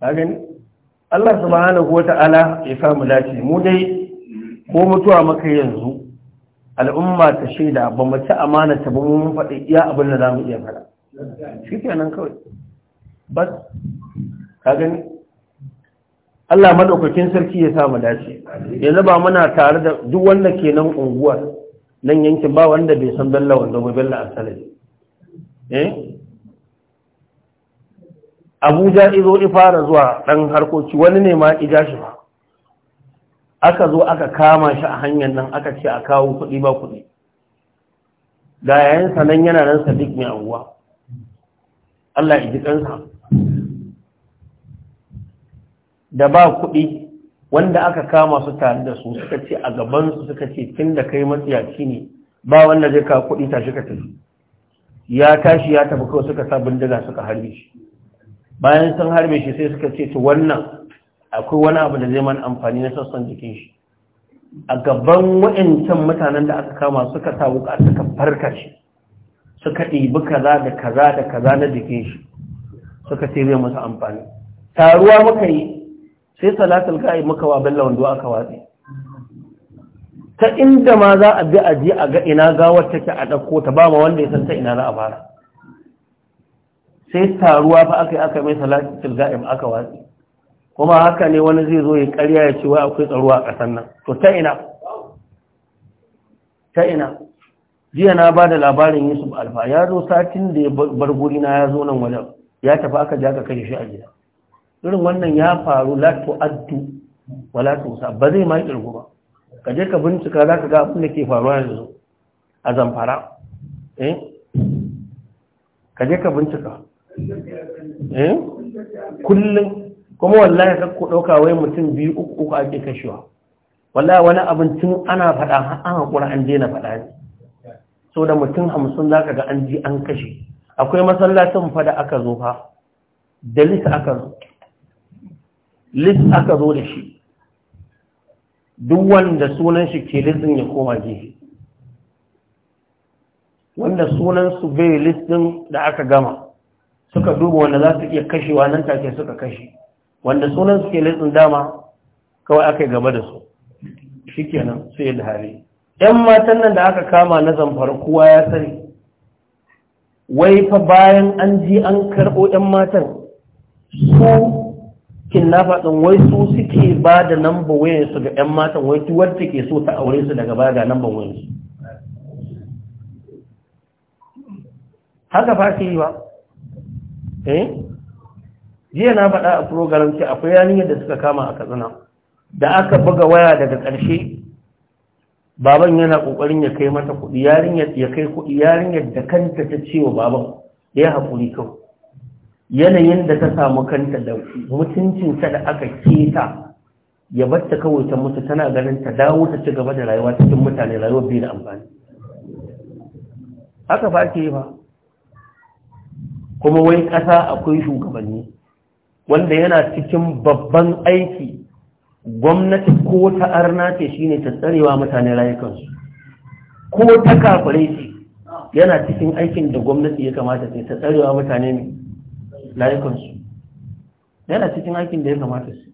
a Allah subhanahu ta'ala ya samu dace mu dai ko mutuwa maka yanzu al'umma ta shaida ba mu ci amana ta ba mun faɗi iya abin da za mu iya faɗa shi kenan kawai bas ka gani Allah madaukakin sarki ya samu dace yanzu ba muna tare da duk wanda ke nan unguwar nan yankin ba wanda bai san bella wanda ba bella asali eh abuja izo fara zuwa ɗan harkoki wani ne ma ija shi ba aka zo aka kama shi a hanyar nan aka ce a kawo kuɗi ba kuɗi da yayin sanan yana nan sadiq mai anguwa Allah ya ji kansa da ba kuɗi wanda aka kama su tare da su suka ce a gabansu suka ce tun da kai matsiyaci ne ba wanda zai kawo kuɗi tashi ka tafi ya tashi ya tafi kawai suka sa bindiga suka harbe shi bayan sun harbe shi sai suka ce to wannan akwai wani abu da zai man amfani na sassan jikin shi a gaban wa'incan mutanen da aka kama suka sa wuka suka farka shi suka ɗibi kaza da kaza da kaza na jikin shi suka ce zai musu amfani taruwa muka yi sai salatul ga'i muka wa bella wando aka watsi ta inda ma za a bi a ji a ga ina gawar take a ɗauko ta ba ma wanda ya san ta ina za a fara sai taruwa fa aka yi aka mai salatul ga'im aka watsi kuma haka ne wani zai zo ya karya ya ce wai akwai tsaro a ƙasar nan to ta ina ta ina jiya na ba da labarin yusuf alfa ya zo satin da ya bar na ya zo nan wajen ya tafi aka ja ka kashe shi a gida irin wannan ya faru la addu wa to sa ba zai ma kirgu ba ka je ka bincika za ka ga abin da ke faruwa yanzu a zamfara eh ka je ka bincika Eh? kullum kuma wallahi ka ku ɗauka wai mutum biyu uku uku ake kashewa wallahi wani abin tun ana faɗa an haƙura an je na faɗa ne so da mutum hamsin za ka ga an ji an kashe akwai masallacin fa da aka zo fa da lis aka zo lis aka zo da shi duk wanda sunan shi ke lisin ya koma gefe wanda sunan su bai lisin da aka gama suka duba wanda za su iya kashewa nan take suka kashe wanda sunan suke laifin dama kawai aka yi gaba da su shikenan sai da lahari yan matan nan da aka kama na zamfara kowa ya sani wai fa bayan an ji an karɓo yan matan su kinnafa ɗin wai su suke ba da namba wayansu ga 'yan matan wai tuwar ke so ta aure su daga baya ga namba wayansu haka fa ke yi ba eh jiya na faɗa a program ce akwai yarinyar da suka kama a katsina da aka buga waya daga ƙarshe baban yana ƙoƙarin ya kai mata kuɗi yarinyar ya kai kuɗi yarinyar da kanta ta ce wa baban ya haƙuri kau yanayin da ta samu kanta da mutuncinta da aka keta ya batta kawai ta mutu tana ganin ta dawo ta ci gaba da rayuwa cikin mutane rayuwar bai da amfani haka fa ake yi ba kuma wai ƙasa akwai shugabanni wanda yana cikin babban aiki gwamnati ko ta arna ce shine ta tsarewa mutane rayukansu ko ta kafare ce yana cikin aikin da gwamnati ya kamata ce ta tsarewa mutane ne rayukansu yana cikin aikin da ya kamata su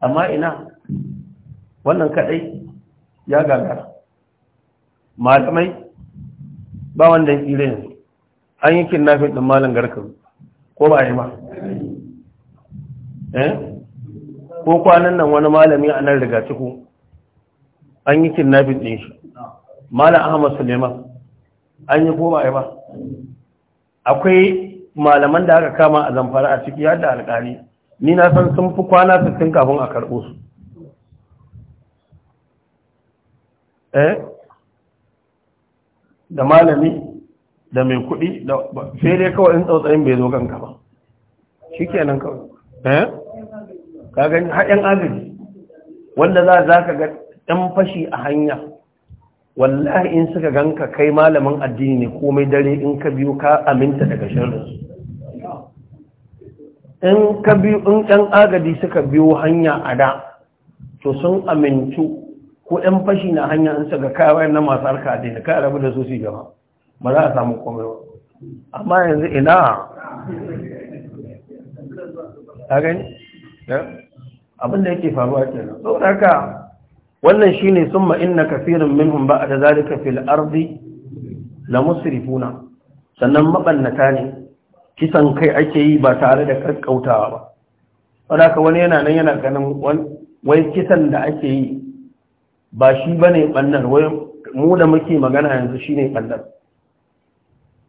amma ina wannan kadai ya gagara malamai ba wanda ya tsire yanzu an yi kin nafi ɗin malam garkar ko ba yi ba eh ko kwanan nan wani malami a nan riga ciku an yi nafi ɗin shi malam ahmad suleiman an yi ko ba yi ba akwai malaman da aka kama a zamfara a ciki yadda alƙali ni na san sun fi kwana 60 kafin a karɓo su eh da malami da mai kuɗi da sai dai kawai in tsautsayin bai zo kanka ba shi kenan kawai eh ka gani har yan agaji wanda za za ka ga ɗan fashi a hanya wallahi in suka ganka kai malamin addini ne komai dare in ka biyo ka aminta daga sharrinsu in ka biyo in ɗan agadi suka biyo hanya a da to sun amintu ko ɗan fashi na hanya in suka kawai na masu harka da ka rabu da su su gaba ba za a samu komai ba amma yanzu ina a gani abinda yake faruwa ke nan so daga wannan shi ne sun ma'ina kafirin minhun ba a da zarika fil ardi la musrifuna sannan mabannata ne kisan kai ake yi ba tare da kakkautawa ba wadda ka wani yana nan yana ganin wai kisan da ake yi ba shi ba ne ɓannar wai mu da muke magana yanzu shi ne ɓannar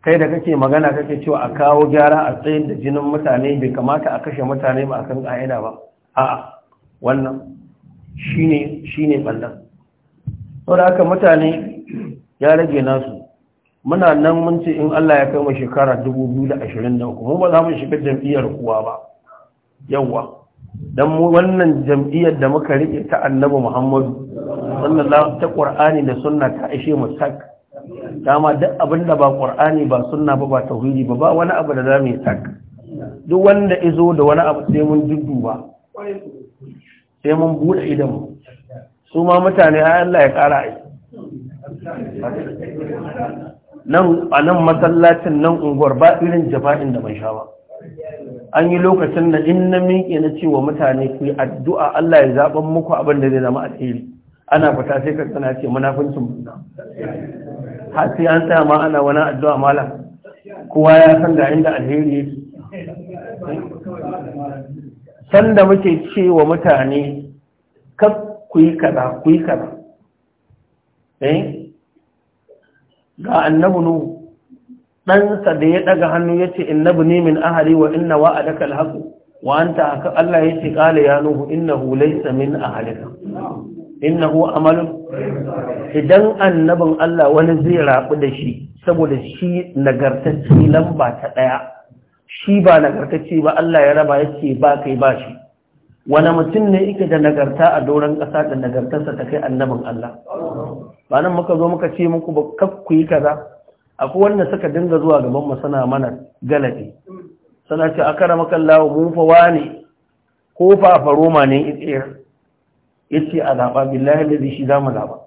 kai da kake magana kake cewa a kawo gyara a tsayin da jinin mutane bai kamata a kashe mutane ba akan ka'ida ba a'a wannan shine shine ballan saboda haka mutane ya rage nasu muna nan mun ce in Allah ya kai mu shekara 2023 mu ba za mu shiga jam'iyyar kuwa ba yawa dan mu wannan jam'iyyar da muka rike ta Annabi Muhammad sallallahu ta Qur'ani da sunna ta ishe mu sak dama duk abin da ba ƙwar'ani ba sunna ba ba tauhidi ba ba wani abu da za mu yi tak duk wanda izo da wani abu sai mun ba, sai mun buɗe idanmu su ma mutane ai Allah ya ƙara ai nan a nan masallacin nan unguwar ba irin jafa'in da ban sha ba an yi lokacin da in na miƙe na cewa mutane ku yi addu'a Allah ya zaɓan muku abin da zai zama alheri ana fita sai ka tsana ce munafincin muna har sai an tsaya ma ana wani addu'a malam kowa ya san ga inda alheri yake sanda muke cewa wa mutane kaf ku yi kaza ku yi kaza eh ga annabi nu ɗansa da ya daga hannu ya ce innabi ne min ahli wa inna wa a wa an haka Allah ya ce ya nuhu innahu laysa min ahlika innahu amalun idan annabin Allah wani zai rabu da shi saboda shi nagartacce lamba ta daya shi ba nagartacce ba Allah ya raba yake ba kai ba shi wani mutum ne yake da nagarta a doron ƙasa da nagartarsa ta kai annabin Allah ba nan muka zo muka ce muku ba kakku yi kaza akwai wanda suka dinga zuwa gaban mu suna mana galabi sana ce akara makallawa mun fa wani ko fa faroma ne itsiyar yace a zaba billahi lazi shi zamu zaba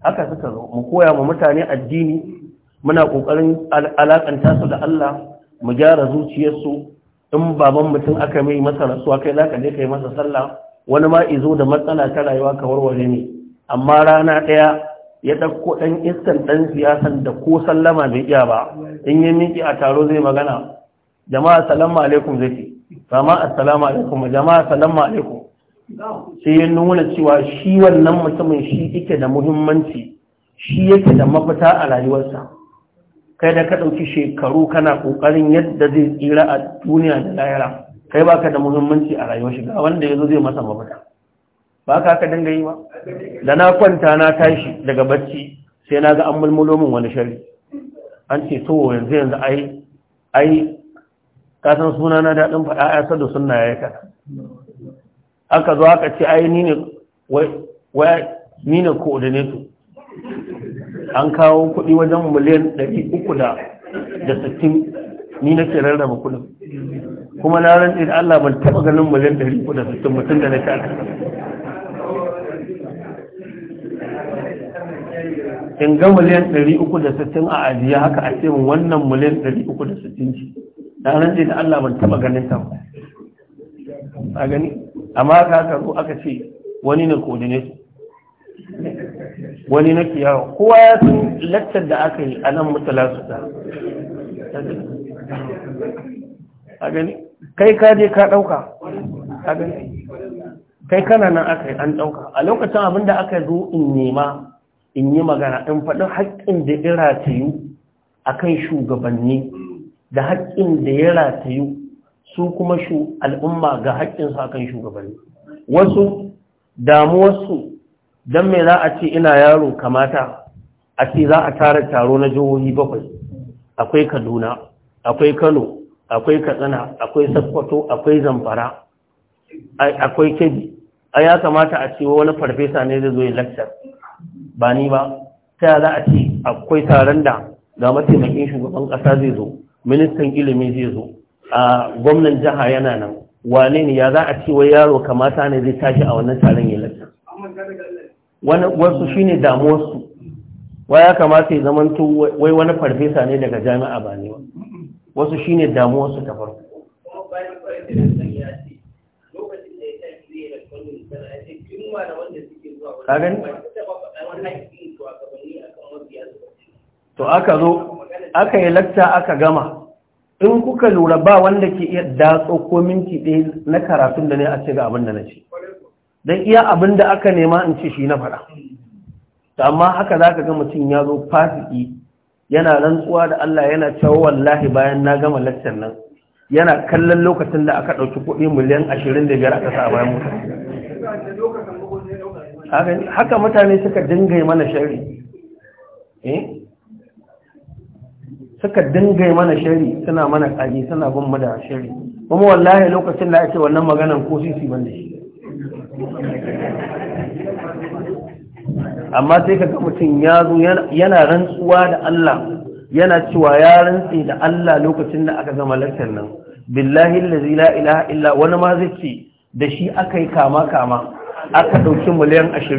haka suka zo mu koya mu mutane addini muna kokarin alakanta su da Allah mu gyara zuciyarsu in baban mutum aka mai masa rasuwa kai zaka je kai masa sallah wani ma izo da matsala ta rayuwa ka warware ne amma rana daya ya ɗauko ɗan iskan ɗan siyasan da ko sallama bai iya ba in yi miki a taro zai magana jama'a salamu alaikum zai ce jama'a salamu alaikum jama'a salamu alaikum sai ya nuna cewa shi wannan mutumin shi yake da muhimmanci shi yake da mafita a rayuwarsa kai da ka ɗauki shekaru kana ƙoƙarin yadda zai tsira a duniya da layara, kai baka da muhimmanci a rayuwar shiga wanda ya zo zai masa mafita ba ka ka dinga yi ba da na kwanta na tashi daga bacci sai na ga an mulmulo min wani shari an ce to yanzu yanzu ai ai ka san suna na daɗin faɗa ya da sunna ya yi aka zo aka ce ai ni ne wai ne coordinator an kawo kuɗi wajen miliyan 360 ni na ke rarraba kuɗin kuma na rantsi da Allah ban taɓa ganin miliyan 360 mutum da na sha in ga miliyan 360 a ajiya haka a ce min wannan miliyan 360 ce na rantsi da Allah ban taɓa ganin ta ba a gani amma ka zo aka ce wani na coordinator wani na kiyawa kowa ya san lattar da aka yi a nan mutala su ta a gani kai ka je ka ɗauka a gani kai kana nan aka yi an ɗauka a lokacin abin da aka zo in nema in yi magana in faɗin haƙƙin da ya ratayu a kan shugabanni da haƙƙin da ya ratayu su kuma shu al'umma ga haƙƙinsu akan shugabanni wasu damuwarsu don me za a ce ina yaro kamata a ce za a tara taro na jihohi bakwai akwai kaduna akwai kano akwai katsina akwai sakkwato akwai zamfara akwai kebbi a ya kamata a ce wani farfesa ne zai zo yi lakcar ba ni ba ta za a ce akwai taron da ga mataimakin shugaban ƙasa zai zo ministan ilimi zai zo a gwamnan jiha yana nan wane ne ya za a ce wai yaro kamata ne zai tashi a wannan taron ya lacca wasu shine damuwarsu wa ya kamata ya zaman zamanto wai wani farfesa ne daga jami'a ba ne wasu shine damuwarsu ta farko to aka zo aka yi lacca aka gama in kuka lura ba wanda ke iya datso ko minti ɗaya na karatun da ne a ce abin da na ce don iya abin da aka nema in ce shi na faɗa amma haka za ka ga mutum ya zo fasiki yana rantsuwa da Allah yana cewa wallahi bayan na gama lakcin nan yana kallon lokacin da aka ɗauki kuɗi miliyan ashirin da biyar aka sa bayan mutu haka mutane suka dinga mana shari eh? suka dinga mana shari suna mana kaji suna bin mu da shari kuma wallahi lokacin da ake wannan maganan ko sisi ban da shi amma sai ka ga mutum ya zo yana rantsuwa da Allah yana cewa ya rantsi da Allah lokacin da aka gama lantar nan billahi allazi la illa wani ma zai ce da shi aka yi kama kama aka ɗauki miliyan 25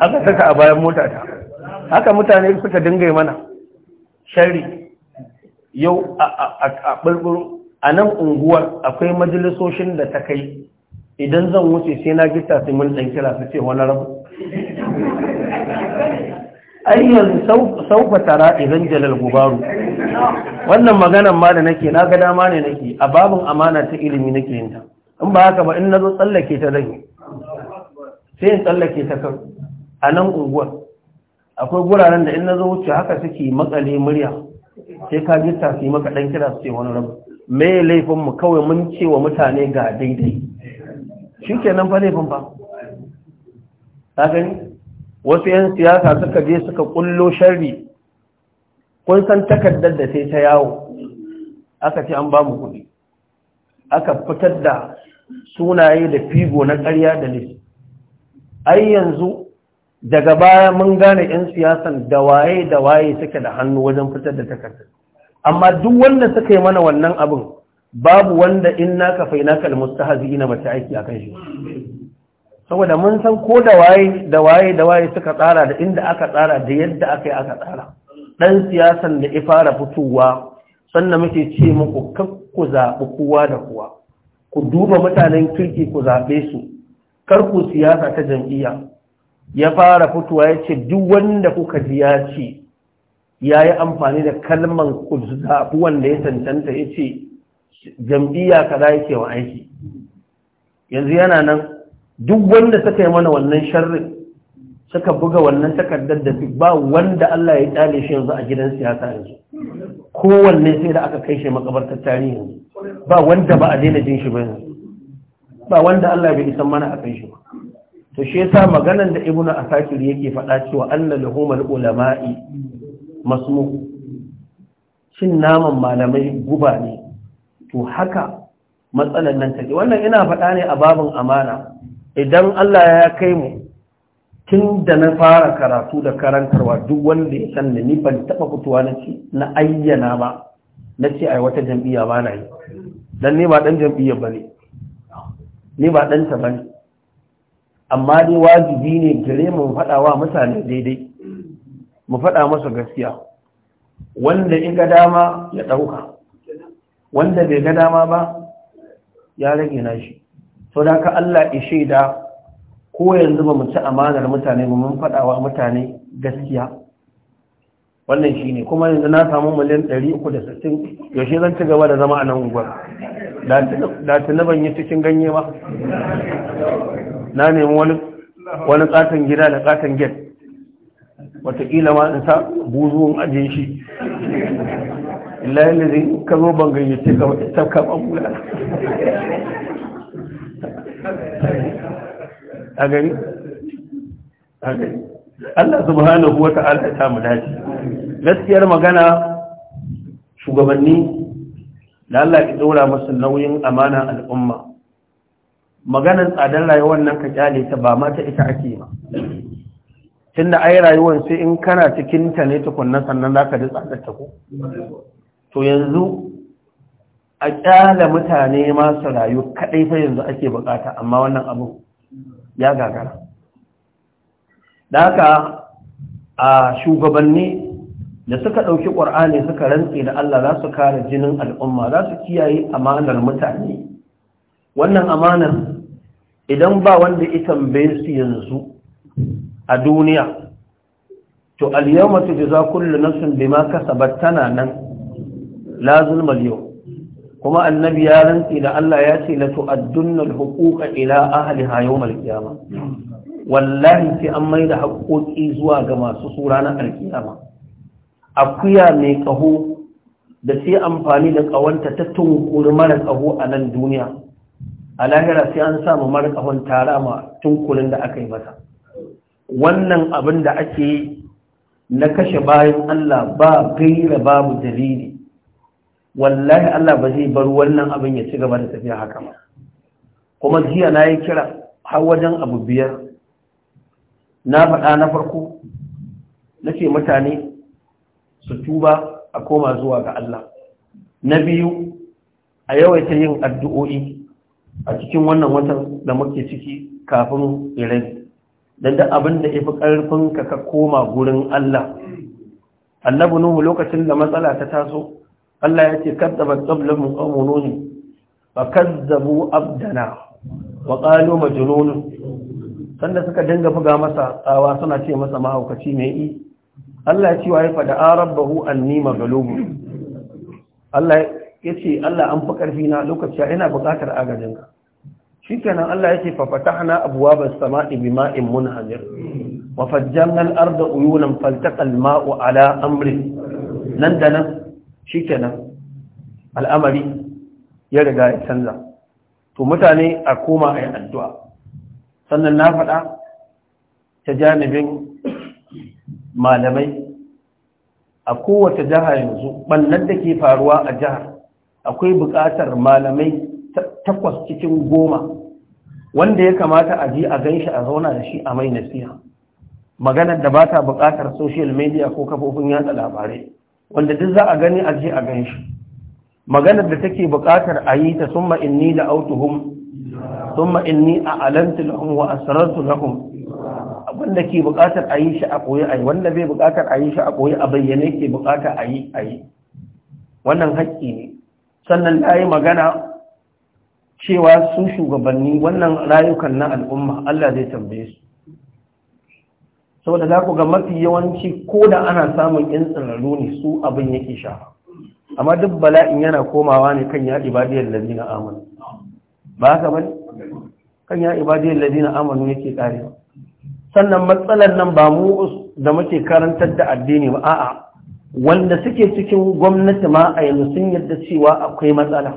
aka saka a bayan mota ta haka mutane suka dinga mana shari yau a ɓirɓiro a nan unguwar akwai majalisoshin da ta kai idan zan wuce sai na gita su mun ɗan kira su ce wani rabu ayyan saufa tara idan jalal gubaru wannan maganan ma da nake na ga dama ne nake a babin amana ta ilimi nake yin in ba haka ba in na zo tsallake ta zai sai in tsallake ta kan a nan unguwar akwai guraren da in na zo wuce haka suke makale murya sai ka ta su yi maka ɗan kira su ce wani rabu mai laifinmu kawai mun ce wa mutane ga daidai shi ke nan fa laifin ba ta gani wasu 'yan siyasa suka je suka kullo sharri kun san takardar da sai ta yawo aka ce an ba mu kuɗi aka fitar da sunaye da figo na ƙarya da lis ai yanzu daga baya mun gane 'yan siyasan da waye da waye suke da hannu wajen fitar da takardar amma duk wanda suka yi mana wannan abin babu wanda in naka fai naka almustahazi ina bata aiki akan shi saboda mun san ko da waye da waye da waye suka tsara da inda aka tsara da yadda aka yi aka tsara dan siyasan da ifara fitowa sannan muke ce muku ku zaɓi kowa da kowa ku duba mutanen kirki ku zaɓe su kar ku siyasa ta jam'iyya ya fara fitowa ya ce duk wanda kuka ji ya ce ya yi amfani da kalman zaɓi wanda ya cancanta ya ce jam'iyya kaza yake wa aiki yanzu yana nan duk wanda suka yi mana wannan sharrin suka buga wannan takardar da ba wanda Allah ya tsale shi yanzu a gidan siyasa yanzu kowanne sai da aka kai shi makabartar tarihi yanzu ba wanda ba a daina jin shi ba yanzu ba wanda Allah bai isan mana a kai shi ba to shi yasa maganar da ibnu asakir yake faɗa cewa anna lahumul ulama'i masmu cin naman malamai guba ne to haka matsalar nan take wannan ina faɗa ne a babin amana idan Allah ya kai mu tun da na fara karatu da karantarwa duk wanda ya san da ni ban taɓa fitowa na ce na ayyana ba na ce ai wata jam'iyya ba na yi dan ni ba dan jam'iyya ba ne, ni ba dan ta ne. amma dai wajibi ne gare mu faɗa wa mutane daidai mu faɗa masa gaskiya wanda in ga dama ya ɗauka wanda bai ga dama ba ya rage na shi sau da ka Allah ya da ko yanzu ba mu ci amanar mutane ba mun faɗa wa mutane gaskiya wannan shi ne kuma yanzu na samu miliyan 360 yaushe zan ci gaba da zama a nan unguwar da ban yi cikin ganye ba na nemi wani wani katon gida da katon get watakila ma in sa buzuwan ajin shi illahi ne ka zo ban gayyace ka wata tafka bambula a gari a gari Allah subhanahu wa ta'ala ya samu dace gaskiyar magana shugabanni da Allah ya daura masu nauyin amana al'umma maganar tsadar rayuwar nan ka kyale ta ba ma ta ita ake ba tunda ai rayuwar sai in kana cikin ta ne tukunna sannan ka ji tsadar ta ko to yanzu a kyale mutane masu rayu kadai fa yanzu ake bukata amma wannan abu ya gagara da a shugabanni da suka ɗauki ƙwar'ani suka rantse da Allah za su kare jinin al'umma za su kiyaye amanar mutane wannan amanar idan ba wanda ya tambaye su yanzu a duniya to al-yawma tujza kullu nafsin bima kasabat tana nan la zulma kuma annabi ya rantsi da Allah ya ce la to al-huquqa ila ahliha yawm qiyama wallahi sai an mai da haƙoƙi zuwa ga masu sura na alƙiyama. akuya mai ƙaho da sai amfani da ƙawanta ta tunkuri mara ƙaho a nan duniya a lahira sai an samu markahon tara ma tunkulin da aka yi masa wannan abin da ake yi na kashe bayan Allah ba gaira babu dalili wallahi Allah ba zai bar wannan abin ya ci gaba da tafiya haka ba kuma jiya na yi kira har wajen abu biyar na faɗa na farko na ce mutane su tuba a koma zuwa ga Allah na biyu a yawaita yin addu'o'i a cikin wannan watan da muke ciki kafin irin don da abin da ya fi ka koma gurin Allah annabi nuhu lokacin da matsala ta taso Allah ya ce kadzabat qablahum qawmu nuh fa kazzabu abdana wa qalu majnun sanda suka dinga buga masa tsawa suna ce masa mahaukaci mai yi Allah ya ce wa ya fada rabbahu anni maghlubun Allah ya ce Allah an fi ƙarfi na lokaci yana buƙatar agajinka shi kenan Allah ya ce su sama sama'i bima'in mun wa fajjalna al-arda uyunan faltaqa mau ala amri nan da nan shikenan al'amari ya riga ya canza to mutane a koma ayi addu'a sannan na faɗa ta janibin malamai a kowace jiha yanzu ɓannan da ke faruwa a jihar akwai buƙatar malamai takwas cikin goma wanda ya kamata a ji a gan shi a zauna da shi a mai nasiha maganar da ba ta buƙatar social media ko kafofin yatsa labarai wanda duk za a gani a ji a gan shi maganar da take buƙatar a yi ta summa inni da autuhum summa inni a alamtu lahum wa asrartu lahum wanda ke buƙatar a yi shi a koyi a yi wanda bai buƙatar a yi shi a koyi a bayyane ke buƙata a yi a yi wannan haƙƙi ne sannan ta yi magana cewa su shugabanni wannan rayukan na al'umma Allah zai tambaye su saboda za ku ga mafi yawanci ko da ana samun yan tsararru ne su abin yake sha amma duk bala'in yana komawa ne kan ya ibadiyar lalzina amanu ba haka ba kan ya ibadiyar lalzina amanu yake karewa sannan matsalar nan ba mu da muke karantar da addini ba a'a wanda suke cikin gwamnati ma a yanzu sun yadda cewa akwai matsala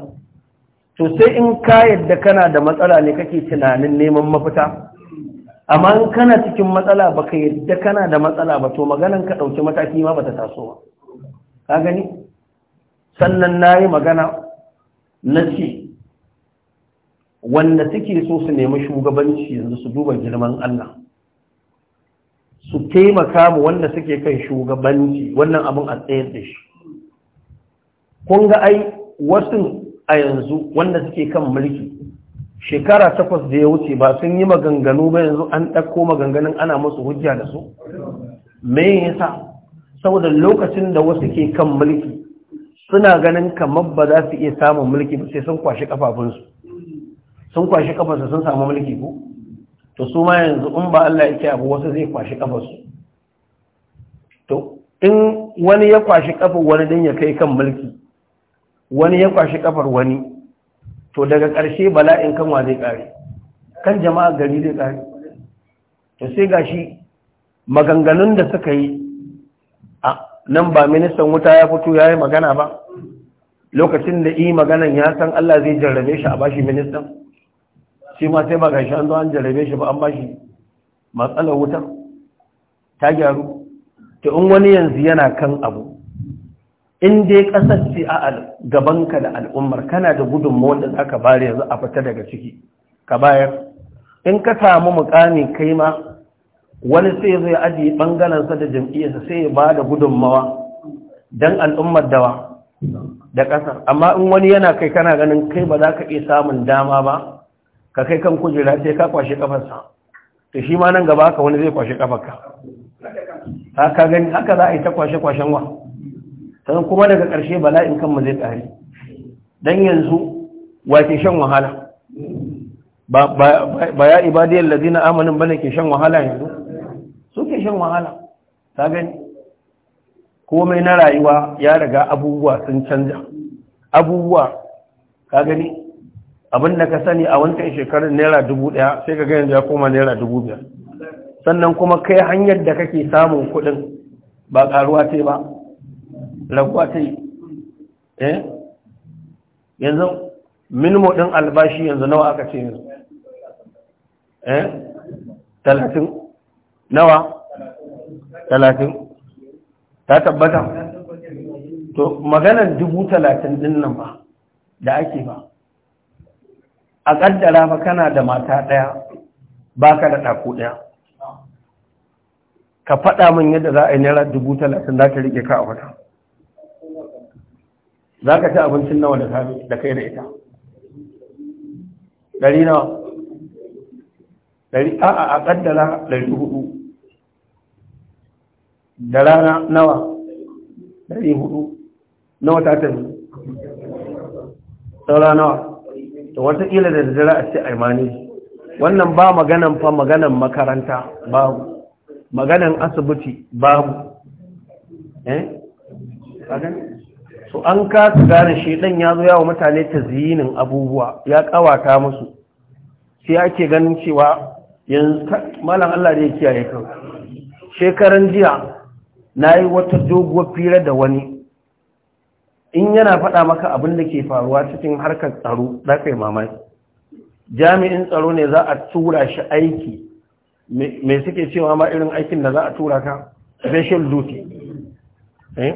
to sai in ka yadda kana da matsala ne kake tunanin neman mafita amma in kana cikin matsala baka yadda kana da matsala ba to maganan ka ɗauki mataki ma bata taso ba ka gani sannan na yi magana na ce wanda suke so su nemi shugabanci yanzu su duba girman Allah su taimaka mu wanda suke kan shugabanci wannan abin a tsayar da shi kun ga ai wasu a yanzu wanda suke kan mulki shekara takwas da ya wuce ba sun yi maganganu ba yanzu an ɗauko maganganun ana musu hujja da su me yasa saboda lokacin da wasu ke kan mulki suna ganin kamar ba za su iya samun mulki ba sai sun kwashi kafafunsu sun kwashi kafarsa sun samu mulki ko to su ma yanzu in ba Allah yake abu wasu zai kwashi kafarsu to in wani ya kwashi kafar wani don ya kai kan mulki wani ya kwashi kafar wani to daga ƙarshe bala'in kanwa zai ƙare kan jama'a gari zai ƙare to sai gashi maganganun da suka yi a nan ba ministan wuta ya fito ya yi magana ba lokacin da yi maganan ya san Allah zai jarrabe shi a bashi ministan shi ma sai ba shi, an zo an jarabe shi ba an ba shi matsalar wutar ta gyaru To in wani yanzu yana kan abu in dai kasar ce a gabanka da al'ummar kana da gudunmawar da za ka bayar yanzu a fita daga ciki ka bayar in ka samu mukami kai ma wani sai zai ajiye sa da jam'iyyarsa sai ya ba da gudunmawa don al'ummar dawa da ƙasar amma in wani yana kai kana ganin kai ba za ka iya samun dama ba ka kai kan kujera sai ka kwashe kafarsa to shi ma nan gaba haka wani zai kwashe kafarka haka gani haka za a yi ta kwashe kwashen wa sannan kuma daga ƙarshe bala'in kanmu zai ƙari dan yanzu wa ke shan wahala ba ya ibadiyar lazina amanin bane ke shan wahala yanzu su ke shan wahala ta gani komai na rayuwa ya riga abubuwa sun canja abubuwa ka gani abin da ka sani a wancan shekarun naira dubu ɗaya sai ka ga yanzu ya koma naira dubu biyar sannan kuma kai hanyar da kake samun kuɗin ba ƙaruwa ce ba raguwa ce eh yanzu minimo ɗin albashi yanzu nawa aka ce yanzu eh talatin nawa talatin ta tabbata to maganar dubu talatin din nan ba da ake ba a ƙaddara ba kana da mata ɗaya ba ka da ɗaku ɗaya ka faɗa min yadda za a yi naira dubu talatin za ta rike ka a wata za ka ci abincin nawa da sami da kai da ita ɗari nawa ɗari a a ƙaddara ɗari hudu da rana nawa ɗari hudu nawa ta tafi saura nawa da watakila da dare a ce aimani wannan ba maganan fa maganan makaranta babu maganan asibiti babu eh so an kasu gane shedan ya zo yawo mutane ta zinin abubuwa ya kawata musu shi ake ganin cewa yanzu malam Allah ne ya kiyaye kan shekaran jiya na yi wata doguwar fira da wani in yana faɗa maka abin da ke faruwa cikin harkar tsaro za ka yi mamaki jami'in tsaro ne za a tura shi aiki mai suke cewa ma irin aikin da za a tura ka special duty eh?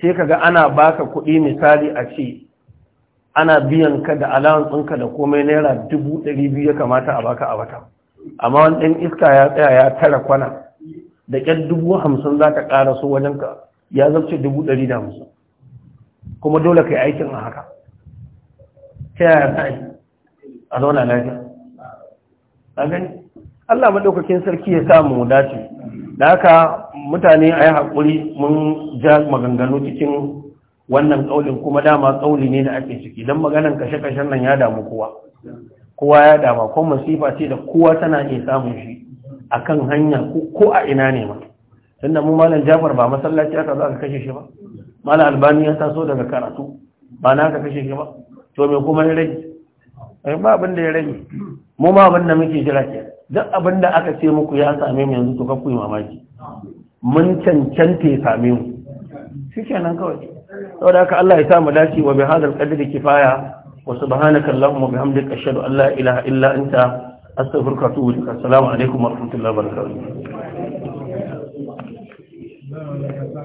sai ka ga ana baka kuɗi misali a ce ana biyan ka da ɗinka da komai naira dubu ɗari biyu ya kamata a baka a wata amma wani ɗan iska ya tsaya ya tara kwana da ƙyar dubu hamsin za ka ƙara so wajen ka ya zarce dubu ɗari da hamsin kuma dole ka yi aikin a haka ta yaya ta a zauna lafiya a gani allah maɗaukakin sarki ya sa mu dace da haka mutane a yi haƙuri mun ja maganganu cikin wannan ƙaunin kuma dama ƙauli ne da ake ciki don maganan kashe-kashen nan ya damu kowa kowa ya dama kuma masifa ce da kowa tana iya samun shi a kan hanya ko a ina ne ma tunda mu malam Jafar ba masallaci aka zo aka kashe shi ba malam Albani ya taso daga karatu ba na aka kashe shi ba to me kuma ya rage ai eh, ba abin da ya rage mu ma abin da muke jira ke duk abin da aka ce muku ya same mu yanzu to ka kuyi mamaki mun cancanta ya same mu shikenan kawai saboda haka Allah ya sa mu dace wa bi hadal qadri kifaya wa subhanaka allahumma bihamdika ashhadu an la ilaha illa anta astaghfiruka wa atubu ilaik assalamu alaikum wa rahmatullahi wa barakatuh